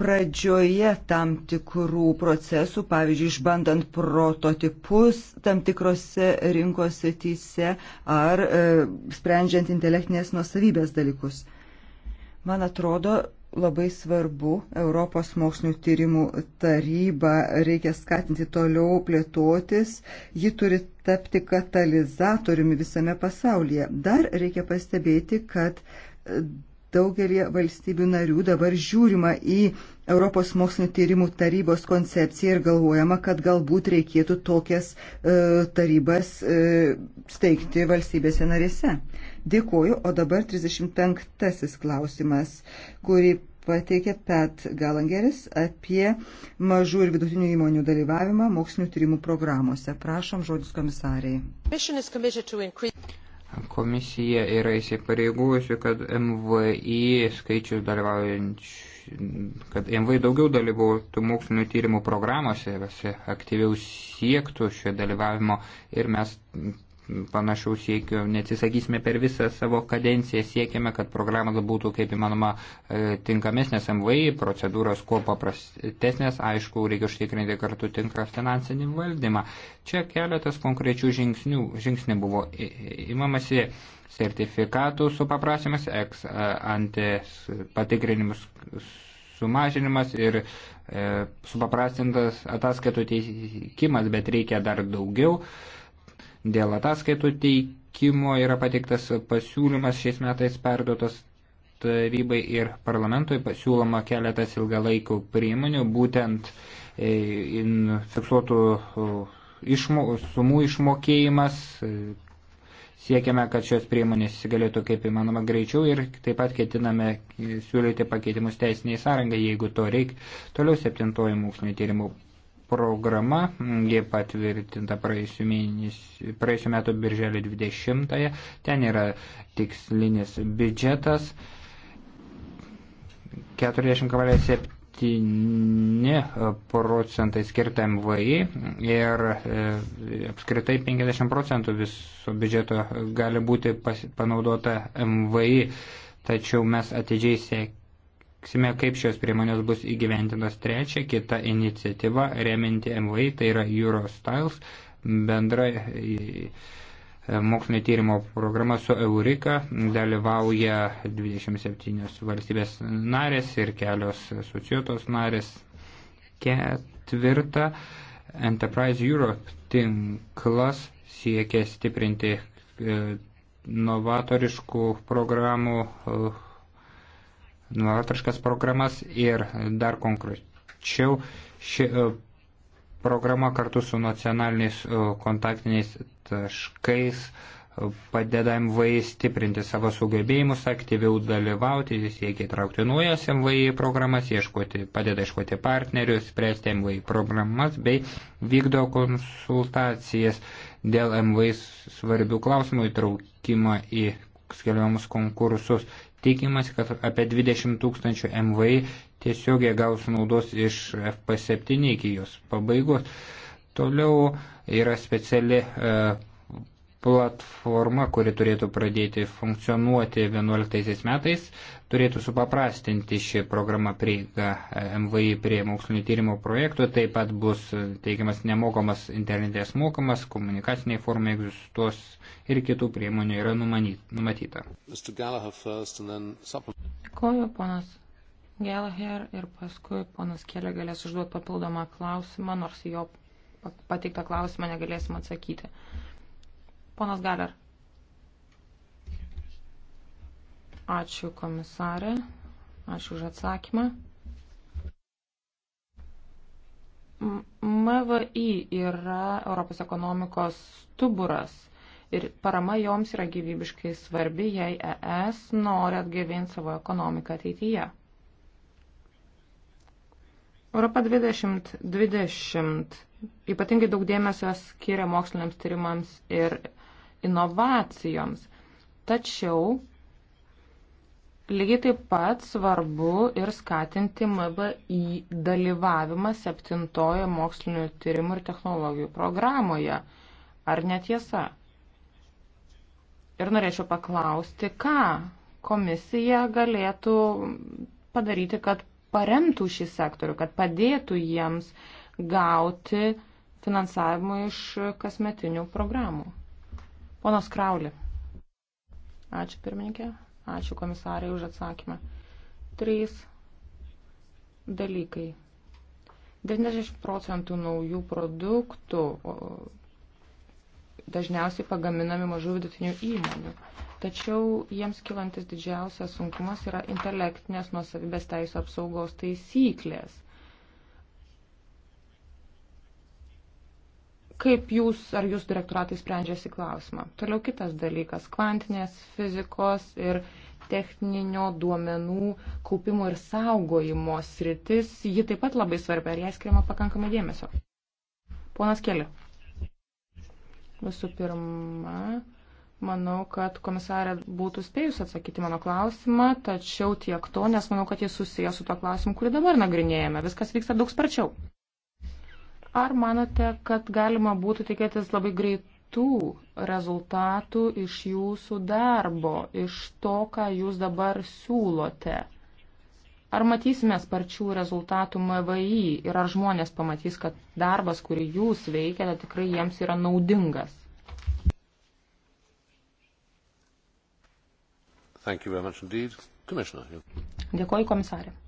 pradžioje tam tikrų procesų, pavyzdžiui, išbandant prototipus tam tikrose rinkos srityse ar e, sprendžiant intelektinės nuosavybės dalykus. Man atrodo, labai svarbu Europos mokslinių tyrimų taryba reikia skatinti toliau plėtotis, ji turi tapti katalizatoriumi visame pasaulyje. Dar reikia pastebėti, kad Daugelį valstybių narių dabar žiūrima į Europos mokslinio tyrimų tarybos koncepciją ir galvojama, kad galbūt reikėtų tokias e, tarybas e, steigti valstybėse narėse. Dėkuoju, o dabar 35 klausimas, kurį pateikė Pet Galangeris apie mažų ir vidutinių įmonių dalyvavimą mokslinio tyrimų programuose. Prašom žodis komisariai. Komisija yra įsipareigojusi, kad MVI skaičius dalyvaujančių, kad MVI daugiau dalyvautų mokslinio tyrimų programuose, visi aktyviau siektų šio dalyvavimo ir mes panašaus siekio neatsisakysime per visą savo kadenciją, siekiame, kad programa būtų kaip įmanoma e, tinkamesnės MVI, procedūros kuo paprastesnės, aišku, reikia užtikrinti kartu tinklą finansinį valdymą. Čia keletas konkrečių žingsnių, žingsnių buvo įmamasi sertifikatų supaprasimas, ex e, ante patikrinimus sumažinimas ir e, supaprastintas ataskaitų teikimas, bet reikia dar daugiau. E, Dėl ataskaitų teikimo yra pateiktas pasiūlymas šiais metais perduotas tarybai ir parlamentui pasiūloma keletas ilgalaikių priemonių, būtent e, fiksuotų išmo, sumų išmokėjimas. E, siekiame, kad šios priemonės galėtų kaip įmanoma greičiau ir taip pat ketiname siūlyti pakeitimus teisiniai sąrangai, jeigu to reikia. Toliau septintoji mokslinio tyrimų programa, jie patvirtinta praėjusiu, mėnesį, praėjusiu metu birželio 20-ąją, ten yra tikslinis biudžetas 40,7 procentai skirta MVI ir e, apskritai 50 procentų viso biudžeto gali būti pas, panaudota MVI, tačiau mes atidžiai sėkime Sime, kaip šios priemonės bus įgyventintos trečia, kita iniciatyva reminti MVI, tai yra Eurostyles, bendra e, mokslinio tyrimo programa su Eurika, dalyvauja 27 valstybės narės ir kelios asociuotos narės. Ketvirta, Enterprise Europe tinklas siekia stiprinti e, novatoriškų programų e, novatoriškas programas ir dar konkrečiau ši e, programa kartu su nacionaliniais e, kontaktiniais taškais e, padeda MVI stiprinti savo sugebėjimus, aktyviau dalyvauti, siekia įtraukti naujas MVI programas, ieškoti, padeda ieškoti partnerių, spręsti MVI programas bei vykdo konsultacijas dėl MVI svarbių klausimų įtraukimo į skelbiamus konkursus. Tikimasi, kad apie 20 tūkstančių MVI tiesiogiai gaus naudos iš FP7 iki jos pabaigos. Toliau yra speciali e, platforma, kuri turėtų pradėti funkcionuoti 11 metais turėtų supaprastinti šį programą prieigą e, MVI prie mokslinio tyrimo projektų. Taip pat bus teikiamas nemokamas internetės mokamas, komunikaciniai formai egzistuos ir kitų priemonių yra numatyta. Dėkoju, ponas Gallagher ir paskui ponas Kėlė galės užduoti papildomą klausimą, nors jo pateiktą klausimą negalėsim atsakyti. Ponas Galer. Ačiū komisarė, ačiū už atsakymą. MVI yra Europos ekonomikos stuburas ir parama joms yra gyvybiškai svarbi, jei ES nori atgaivinti savo ekonomiką ateityje. Europa 2020 ypatingai daug dėmesio skiria moksliniams tyrimams ir inovacijoms. Tačiau Lygiai taip pat svarbu ir skatinti MBI dalyvavimą septintojo mokslinio tyrimų ir technologijų programoje. Ar netiesa? Ir norėčiau paklausti, ką komisija galėtų padaryti, kad paremtų šį sektorių, kad padėtų jiems gauti finansavimo iš kasmetinių programų. Ponas Kraulė. Ačiū pirmininkė. Ačiū komisarai už atsakymą. Trys dalykai. 90 procentų naujų produktų dažniausiai pagaminami mažų vidutinių įmonių. Tačiau jiems kilantis didžiausias sunkumas yra intelektinės nuosavybės teisų apsaugos taisyklės. kaip jūs ar jūs direktoratai sprendžiasi klausimą. Toliau kitas dalykas - kvantinės fizikos ir techninio duomenų kaupimo ir saugojimo sritis. Ji taip pat labai svarbi, ar jai skiriama pakankamai dėmesio. Ponas Keli. Visų pirma, manau, kad komisarė būtų spėjus atsakyti mano klausimą, tačiau tiek to, nes manau, kad jis susijęs su to klausimu, kurį dabar nagrinėjame. Viskas vyksta daug sparčiau. Ar manote, kad galima būtų tikėtis labai greitų rezultatų iš jūsų darbo, iš to, ką jūs dabar siūlote? Ar matysime sparčių rezultatų MVI ir ar žmonės pamatys, kad darbas, kurį jūs veikiate, tikrai jiems yra naudingas? Dėkoju komisarė.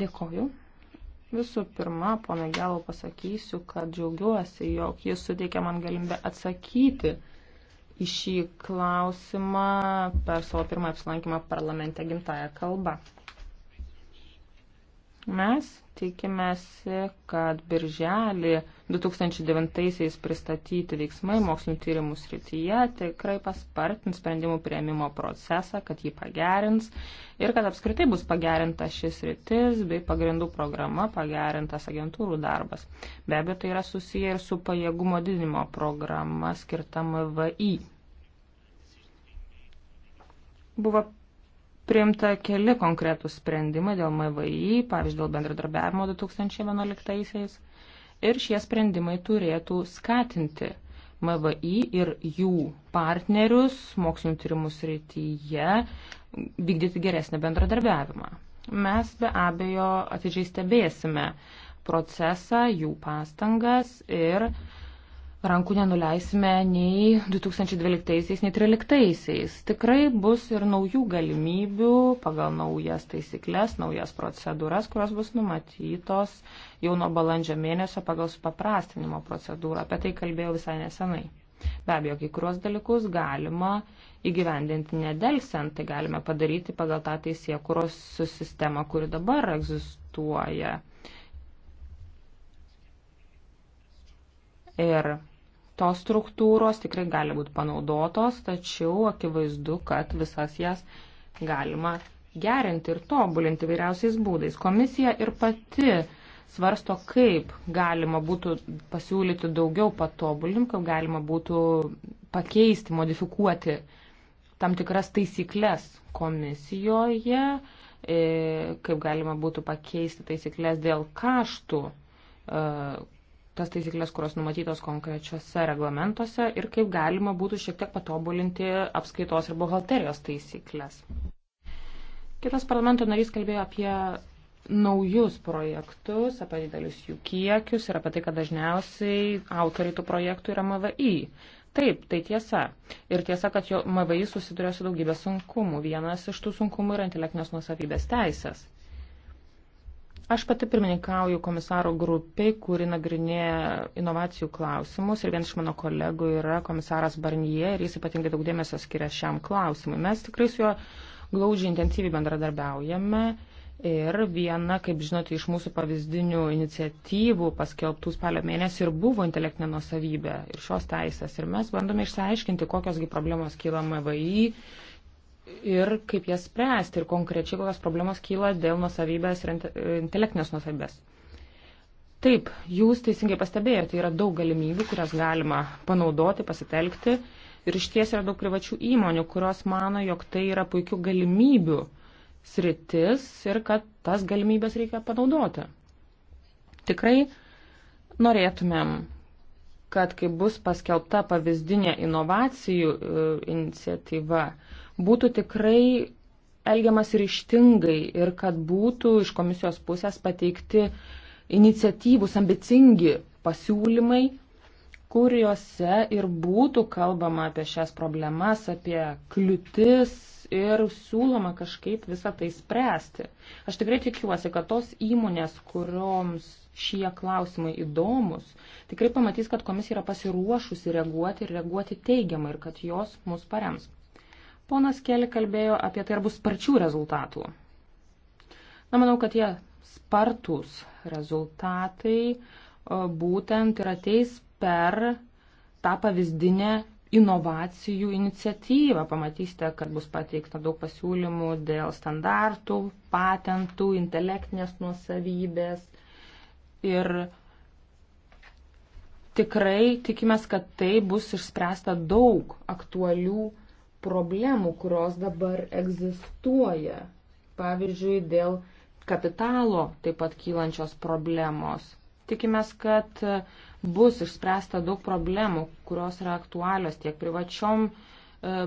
Dėkoju. Visų pirma, ponai Gelo pasakysiu, kad džiaugiuosi, jog jis suteikė man galimybę atsakyti į šį klausimą per savo pirmą apsilankymą parlamente gimtają kalbą. Mes tikimėsi, kad birželį 2009-aisiais pristatyti veiksmai mokslinio tyrimų srityje tikrai paspartins sprendimų prieimimo procesą, kad jį pagerins ir kad apskritai bus pagerinta šis rytis bei pagrindų programa, pagerintas agentūrų darbas. Be abejo, tai yra susiję ir su pajėgumo didinimo programa skirta MVI. Buvo priimta keli konkretūs sprendimai dėl MVI, pavyzdžiui, dėl bendradarbiavimo 2011-aisiais. Ir šie sprendimai turėtų skatinti MVI ir jų partnerius mokslinio tyrimų srityje vykdyti geresnį bendradarbiavimą. Mes be abejo atidžiai stebėsime procesą, jų pastangas ir uh, rankų nenuleisime nei 2012, nei 2013. Tikrai bus ir naujų galimybių pagal naujas taisyklės, naujas procedūras, kurios bus numatytos jau nuo balandžio mėnesio pagal supaprastinimo procedūrą. Apie tai kalbėjau visai nesenai. Be abejo, kai kuriuos dalykus galima įgyvendinti nedelsiant, tai galime padaryti pagal tą teisėkuros sistemą, kuri dabar egzistuoja. Ir tos struktūros tikrai gali būti panaudotos, tačiau akivaizdu, kad visas jas galima gerinti ir tobulinti vairiausiais būdais. Komisija ir pati svarsto, kaip galima būtų pasiūlyti daugiau patobulinimų, kaip galima būtų pakeisti, modifikuoti tam tikras taisyklės komisijoje, e, kaip galima būtų pakeisti taisyklės dėl kaštų e, tas taisyklės, kurios numatytos konkrečiose reglamentuose ir kaip galima būtų šiek tiek patobulinti apskaitos ir buhalterijos taisyklės. Kitas parlamento narys kalbėjo apie naujus projektus, apie didelius jų kiekius ir apie tai, kad dažniausiai autoriai tų projektų yra MVI. Taip, tai tiesa. Ir tiesa, kad jo MVI susiduria su daugybė sunkumų. Vienas iš tų sunkumų yra intelektinės nusavybės teisės. Aš pati pirmininkauju komisaro grupiai, kuri nagrinėja inovacijų klausimus ir vienas iš mano kolegų yra komisaras Barnie ir jis ypatingai daug dėmesio skiria šiam klausimui. Mes tikrai su juo glaudžiai intensyviai bendradarbiaujame ir viena, kaip žinote, iš mūsų pavyzdinių iniciatyvų paskelbtų spalio mėnesį ir buvo intelektinė nuosavybė ir šios teisės. Ir mes bandome išsiaiškinti, kokiosgi problemos kyla MVI ir kaip jas spręsti ir konkrečiai kokios problemos kyla dėl nusavybės ir intelektinės nusavybės. Taip, jūs teisingai pastebėjote, tai yra daug galimybių, kurias galima panaudoti, pasitelkti ir iš ties yra daug privačių įmonių, kurios mano, jog tai yra puikių galimybių sritis ir kad tas galimybės reikia panaudoti. Tikrai norėtumėm, kad kai bus paskelbta pavyzdinė inovacijų e, iniciatyva, būtų tikrai elgiamas ryštingai ir kad būtų iš komisijos pusės pateikti iniciatyvus, ambicingi pasiūlymai, kuriuose ir būtų kalbama apie šias problemas, apie kliūtis ir siūloma kažkaip visą tai spręsti. Aš tikrai tikiuosi, kad tos įmonės, kurioms šie klausimai įdomus, tikrai pamatys, kad komisija yra pasiruošusi reaguoti ir reaguoti teigiamai ir kad jos mus parems. Ponas Keli kalbėjo apie tai, ar bus sparčių rezultatų. Na, manau, kad tie spartus rezultatai būtent ir ateis per tą pavyzdinę inovacijų iniciatyvą. Pamatysite, kad bus pateikta daug pasiūlymų dėl standartų, patentų, intelektinės nuosavybės. Ir tikrai tikimės, kad tai bus išspręsta daug aktualių problemų, kurios dabar egzistuoja. Pavyzdžiui, dėl kapitalo taip pat kylančios problemos. Tikimės, kad bus išspręsta daug problemų, kurios yra aktualios tiek privačiom e,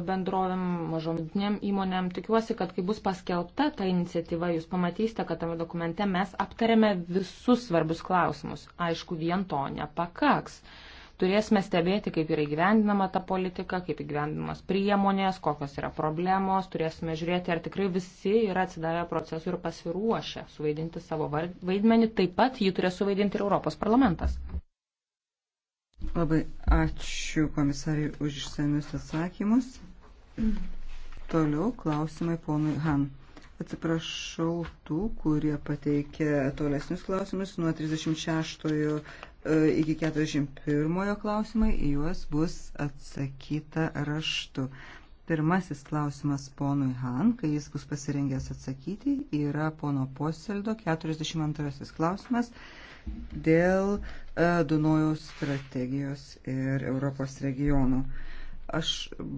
bendrovėm, mažomitiniam įmonėm. Tikiuosi, kad kai bus paskelbta ta iniciatyva, jūs pamatysite, kad tame dokumente mes aptarėme visus svarbus klausimus. Aišku, vien to nepakaks. Turėsime stebėti, kaip yra įgyvendinama ta politika, kaip įgyvendinamas priemonės, kokios yra problemos, turėsime žiūrėti, ar tikrai visi yra atsidavę procesų ir pasiruošę suvaidinti savo vaidmenį, taip pat jį turės suvaidinti ir Europos parlamentas. Labai ačiū komisariai už išsamius atsakymus. Toliau klausimai ponui Han. Atsiprašau tų, kurie pateikė tolesnius klausimus nuo 36 E, iki 41 klausimai į juos bus atsakyta raštu. Pirmasis klausimas ponui Han, kai jis bus pasirengęs atsakyti, yra pono Poseldo 42 klausimas dėl e, Dunojaus strategijos ir Europos regionų. Aš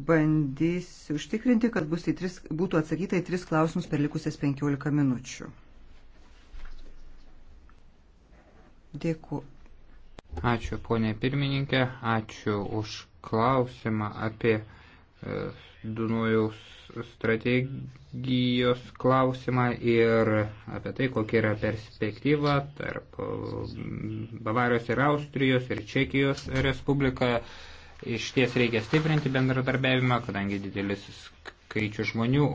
bandysiu užtikrinti, kad bus į tris, būtų atsakyta į tris klausimus per likusias 15 minučių. Dėkuoju. Ačiū, ponė pirmininkė, ačiū už klausimą apie e, Dunojaus strategijos klausimą ir apie tai, kokia yra perspektyva tarp mm, Bavarijos ir Austrijos ir Čekijos Respublika. Iš ties reikia stiprinti bendradarbiavimą, kadangi didelis skaičius žmonių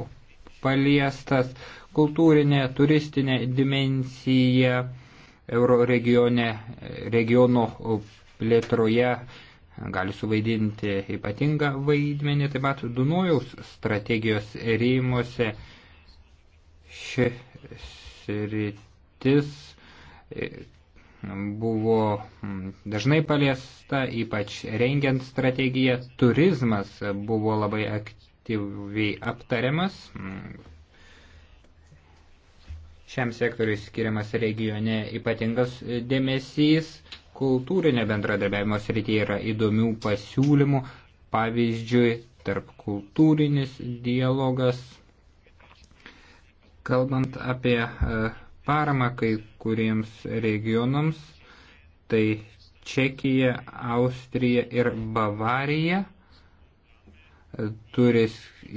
paliestas kultūrinė, turistinė dimensija euro regione, regionų plėtroje gali suvaidinti ypatingą vaidmenį, taip pat Dunojaus strategijos rėmose ši sritis e, buvo dažnai paliesta, ypač rengiant strategiją, turizmas buvo labai aktyviai aptariamas, Šiam sektoriui skiriamas regione ypatingas dėmesys. Kultūrinio bendradarbiavimo srityje yra įdomių pasiūlymų, pavyzdžiui, tarp kultūrinis dialogas. Kalbant apie e, paramą kai kuriems regionams, tai Čekija, Austrija ir Bavarija e, turi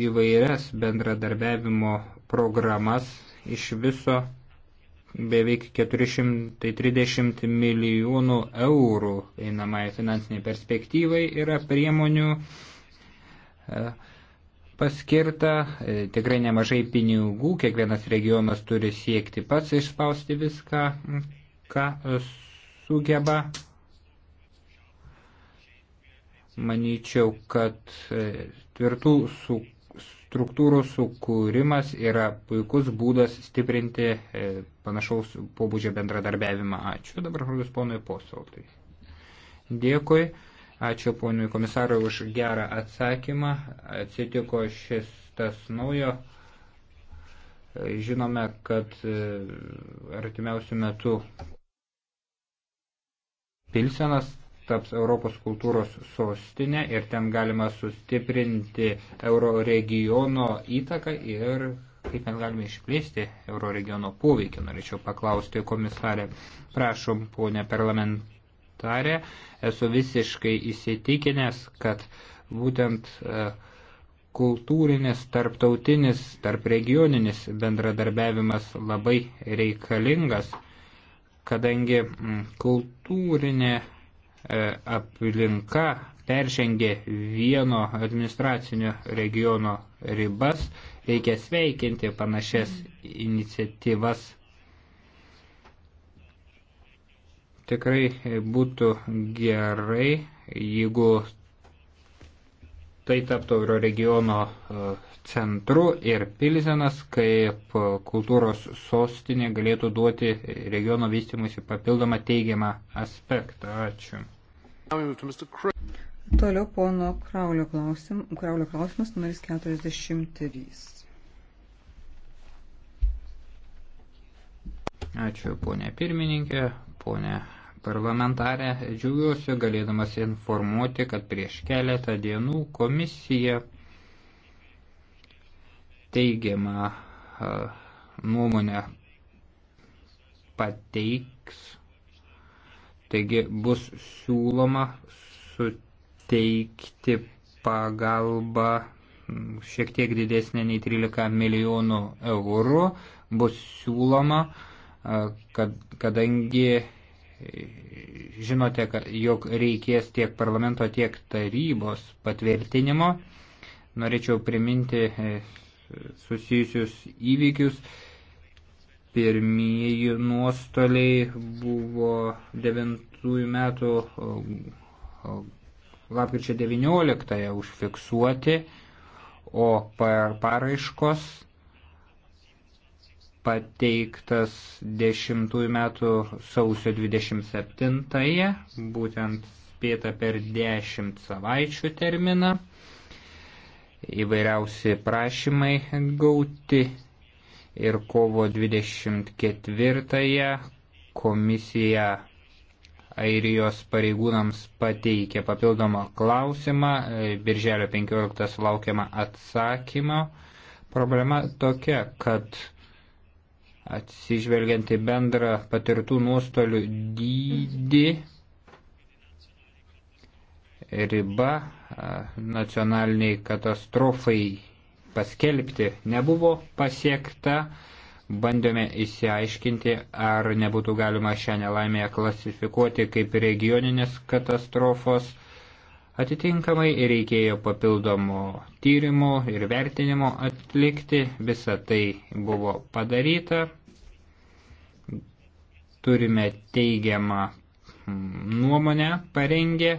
įvairias bendradarbiavimo programas iš viso beveik 430 milijonų eurų einamai finansiniai perspektyvai yra priemonių e, paskirta, e, tikrai nemažai pinigų, kiekvienas regionas turi siekti pats išspausti viską, ką e, sugeba. Manyčiau, kad tvirtų su struktūrų sukūrimas yra puikus būdas stiprinti e, panašaus pobūdžio bendradarbiavimą. Ačiū. Dabar žodis ponui Posoltui. Dėkui. Ačiū ponui komisarui už gerą atsakymą. Atsitiko šis tas naujo. E, žinome, kad e, artimiausių metų Pilsenas taps Europos kultūros sostinė ir ten galima sustiprinti euro regiono įtaką ir kaip mes galime išplėsti euro regiono poveikį. Norėčiau paklausti komisarę, prašom, ponė parlamentarė, esu visiškai įsitikinęs, kad būtent e, kultūrinis, tarptautinis, tarp regioninis bendradarbiavimas labai reikalingas, kadangi kultūrinė E, aplinka peržengė vieno administracinio regiono ribas, reikia sveikinti panašias iniciatyvas. Tikrai būtų gerai, jeigu tai taptų Euro regiono e, centru ir Pilzenas kaip kultūros sostinė galėtų duoti regiono vystimusi papildomą teigiamą aspektą. Ačiū. Toliau pono Kraulio, klausim, Kraulio klausimas numeris 43. Ačiū ponė pirmininkė, ponė parlamentarė. Džiaugiuosi galėdamas informuoti, kad prieš keletą dienų komisija teigiamą nuomonę pateiks Taigi bus siūloma suteikti pagalbą šiek tiek didesnė nei 13 milijonų eurų. Bus siūloma, kad, kadangi e, žinote, jog reikės tiek parlamento, tiek tarybos patvirtinimo, norėčiau priminti e, susijusius įvykius. Pirmieji nuostoliai buvo 9 metų lapkričio 19 užfiksuoti, o par paraiškos pateiktas 10 metų sausio 27-ąją, būtent spėta per 10 savaičių terminą. Įvairiausi prašymai gauti ir kovo 24-ąją komisija Airijos pareigūnams pateikė papildomą klausimą, birželio 15 sulaukiama atsakymo. Problema tokia, kad atsižvelgiant į bendrą patirtų nuostolių dydį, riba nacionaliniai katastrofai paskelbti nebuvo pasiekta. Bandėme įsiaiškinti, ar nebūtų galima šią nelaimę klasifikuoti kaip regioninės katastrofos. Atitinkamai reikėjo papildomo tyrimo ir vertinimo atlikti. Visa tai buvo padaryta. Turime teigiamą mm, nuomonę parengę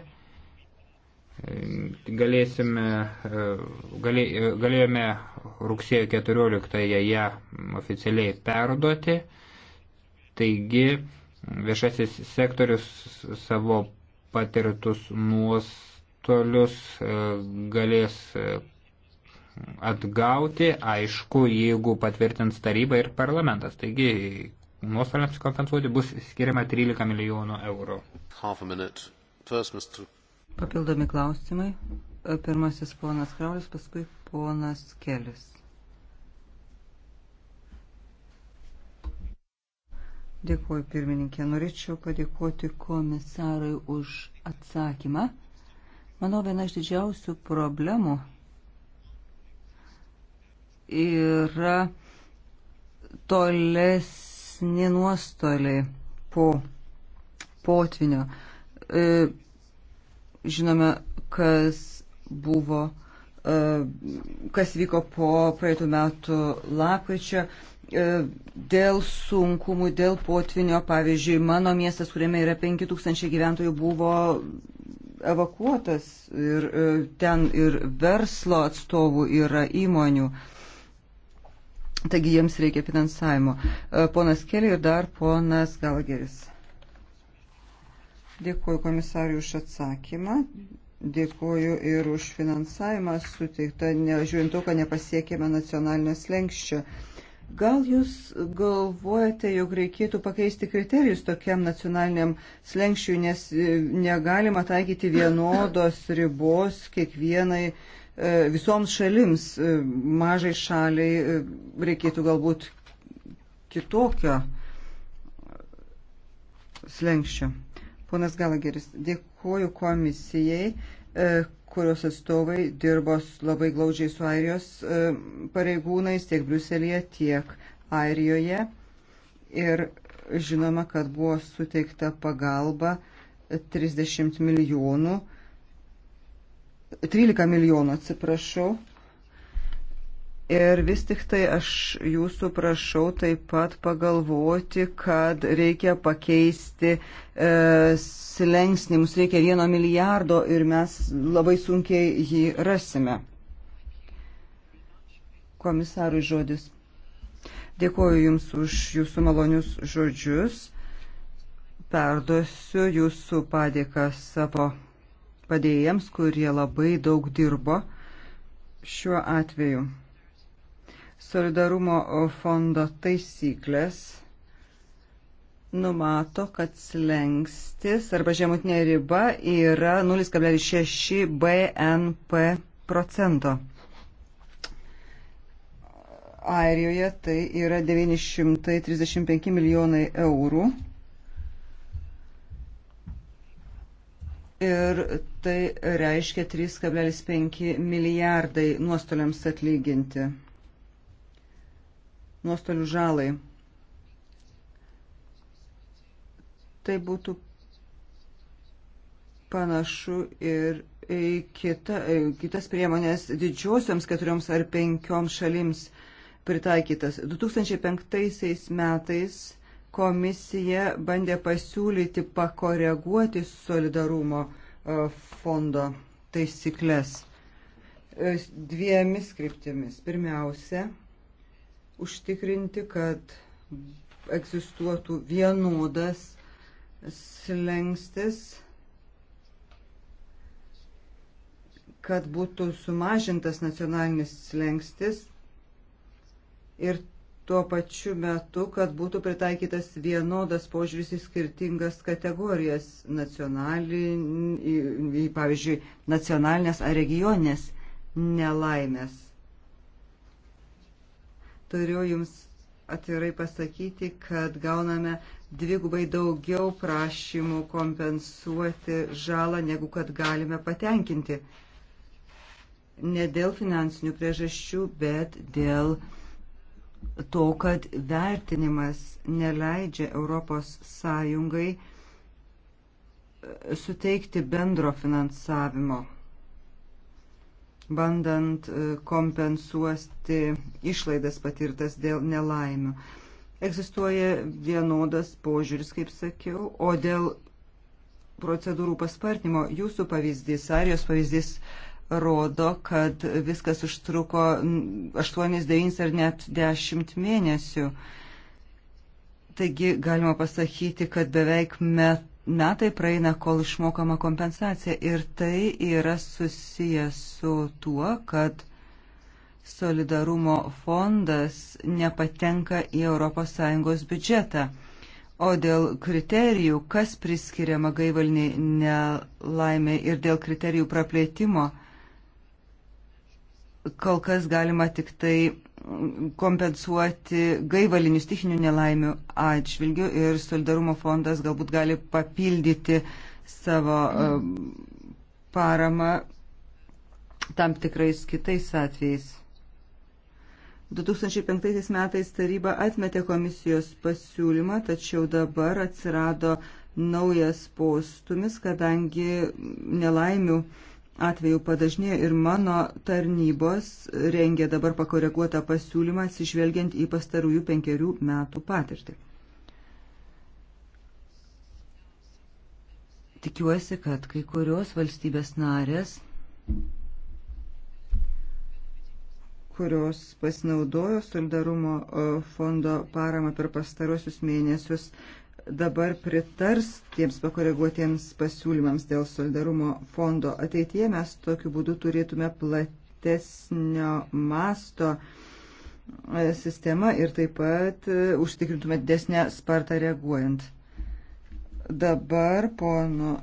galėsime, galė, galėjome rugsėjo 14-ąją ją oficialiai perduoti. Taigi viešasis sektorius savo patirtus nuostolius e, galės atgauti, aišku, jeigu patvirtins taryba ir parlamentas. Taigi nuostoliams kompensuoti bus skiriama 13 milijonų eurų. Half a minute. First, Mr. Papildomi klausimai. E, pirmasis ponas Kraulis, paskui ponas Kelis. Dėkuoju pirmininkė. Norėčiau padėkoti komisarui už atsakymą. Manau, viena iš didžiausių problemų yra tolesni nuostoliai po potvinio. E, Žinome, kas buvo, e, kas vyko po praeitų metų lapkričio e, dėl sunkumų, dėl potvinio. Pavyzdžiui, mano miestas, kuriame yra 5000 gyventojų, buvo evakuotas ir e, ten ir verslo atstovų yra įmonių. Taigi jiems reikia finansavimo. Ponas Keli ir dar ponas Galgeris. Dėkuoju komisariui už atsakymą. Dėkuoju ir už finansavimą suteiktą, žiūrint to, kad nepasiekėme nacionalinio slengščio. Gal jūs galvojate, jog reikėtų pakeisti kriterijus tokiam nacionaliniam slengščiui, nes e, negalima taikyti vienodos ribos kiekvienai e, visoms šalims. E, mažai šaliai reikėtų galbūt kitokio slengščio. Ponas Galageris, dėkuoju komisijai, e, kurios atstovai dirbo labai glaudžiai su Airijos e, pareigūnais tiek Briuselėje, tiek Airijoje. Ir žinoma, kad buvo suteikta pagalba 30 milijonų, 13 milijonų atsiprašau, Ir vis tik tai aš jūsų prašau taip pat pagalvoti, kad reikia pakeisti e, slengsnį, mums reikia vieno milijardo ir mes labai sunkiai jį rasime. Komisarui žodis. Dėkuoju Jums už Jūsų malonius žodžius. Perduosiu Jūsų padėką savo padėjėjams, kurie labai daug dirbo šiuo atveju. Solidarumo fondo taisyklės numato, kad slengstis arba žemutinė riba yra 0,6 BNP procento. Airijoje tai yra 935 milijonai eurų. Ir tai reiškia 3,5 milijardai nuostoliams atlyginti nuostolių žalai. Tai būtų panašu ir kita, kitas priemonės didžiosioms keturioms ar penkioms šalims pritaikytas. 2005 metais komisija bandė pasiūlyti pakoreguoti solidarumo e, fondo taisyklės e, dviemis kryptimis. Pirmiausia, užtikrinti, kad egzistuotų vienodas slengstis, kad būtų sumažintas nacionalinis slengstis ir tuo pačiu metu, kad būtų pritaikytas vienodas požiūris į skirtingas kategorijas, nacionalin, į, į, pavyzdžiui, nacionalinės ar regioninės nelaimės. Turiu Jums atvirai pasakyti, kad gauname dvigubai daugiau prašymų kompensuoti žalą, negu kad galime patenkinti. Ne dėl finansinių priežasčių, bet dėl to, kad vertinimas neleidžia ES e, suteikti bendro finansavimo bandant e, kompensuosti išlaidas patirtas dėl nelaimių. Egzistuoja vienodas požiūris, kaip sakiau, o dėl procedūrų paspartimo jūsų pavyzdys, Arijos pavyzdys rodo, kad viskas užtruko 8, 9 ar net 10 mėnesių. Taigi galima pasakyti, kad beveik metų metai praeina, kol išmokama kompensacija. Ir tai yra susijęs su tuo, kad solidarumo fondas nepatenka į ES biudžetą. O dėl kriterijų, kas priskiriama gaivalniai nelaimė ir dėl kriterijų praplėtimo, kol kas galima tik tai kompensuoti gaivalinių stichinių nelaimių atžvilgių ir solidarumo fondas galbūt gali papildyti savo e, paramą tam tikrais kitais atvejais. 2005 metais taryba atmetė komisijos pasiūlymą, tačiau dabar atsirado naujas postumis, kadangi nelaimių uh, atvejų padažnėja ir mano tarnybos rengia dabar pakoreguotą pasiūlymą atsižvelgiant į pastarųjų penkerių metų patirtį. Tikiuosi, kad kai kurios valstybės narės, kurios pasinaudojo solidarumo fondo paramą per pastarosius mėnesius, dabar pritars tiems pakoreguotiems pasiūlymams dėl solidarumo fondo. Ateityje mes tokiu būdu turėtume platesnio masto e, sistemą ir taip pat e, užtikrintume didesnę spartą reaguojant. Dabar pono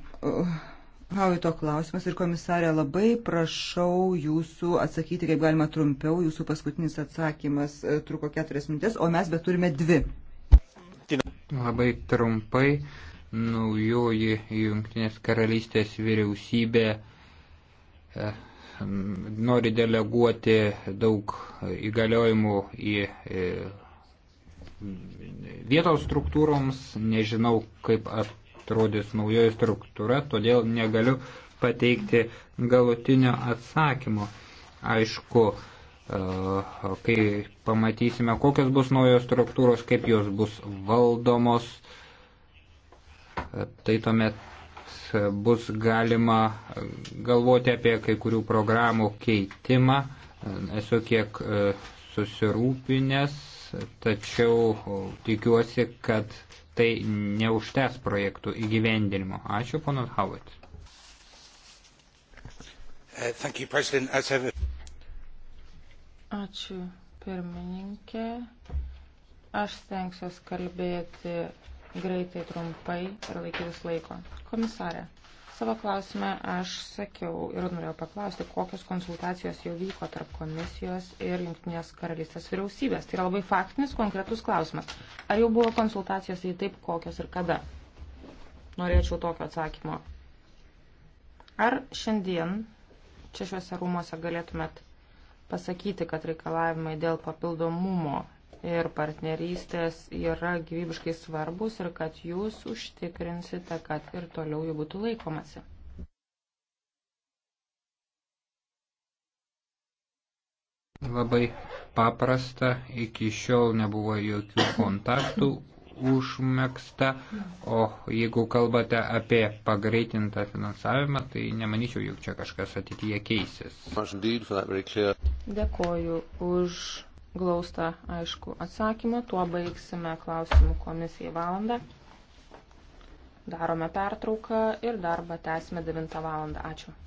Hauito klausimas ir komisarė labai prašau jūsų atsakyti kaip galima trumpiau. Jūsų paskutinis atsakymas e, truko keturias minutės, o mes bet turime dvi. Tina. Labai trumpai, naujoji Junktinės karalystės vyriausybė eh, nori deleguoti daug įgaliojimų į eh, vietos struktūroms. Nežinau, kaip atrodys naujoji struktūra, todėl negaliu pateikti galutinio atsakymo. Aišku, kai pamatysime, kokios bus naujos struktūros, kaip jos bus valdomos, tai tuomet bus galima galvoti apie kai kurių programų keitimą. Esu kiek e, susirūpinęs, tačiau tikiuosi, kad tai neužtęs projektų įgyvendinimo. Ačiū, ponas Howard. Uh, thank you, President. As ever... Ačiū, pirmininkė. Aš stengsiuosi kalbėti greitai, trumpai ir laikytis laiko. Komisarė, savo klausime aš sakiau ir norėjau paklausti, kokios konsultacijos jau vyko tarp komisijos ir Junktinės karalystės vyriausybės. Tai yra labai faktinis, konkretus klausimas. Ar jau buvo konsultacijos, jei taip, kokios ir kada? Norėčiau tokio atsakymo. Ar šiandien čia šiuose rūmose galėtumėt pasakyti, kad reikalavimai dėl papildomumo ir partnerystės yra gyvybiškai svarbus ir kad jūs užtikrinsite, kad ir toliau jų būtų laikomasi. Labai paprasta, iki šiol nebuvo jokių kontaktų, užmėgsta, o jeigu kalbate apie pagreitintą finansavimą, tai nemanyčiau, jog čia kažkas ateityje keisis. Dėkoju už glaustą aišku atsakymą. Tuo baigsime klausimų komisijai valandą. Darome pertrauką ir darbą tęsime 9 valandą. Ačiū.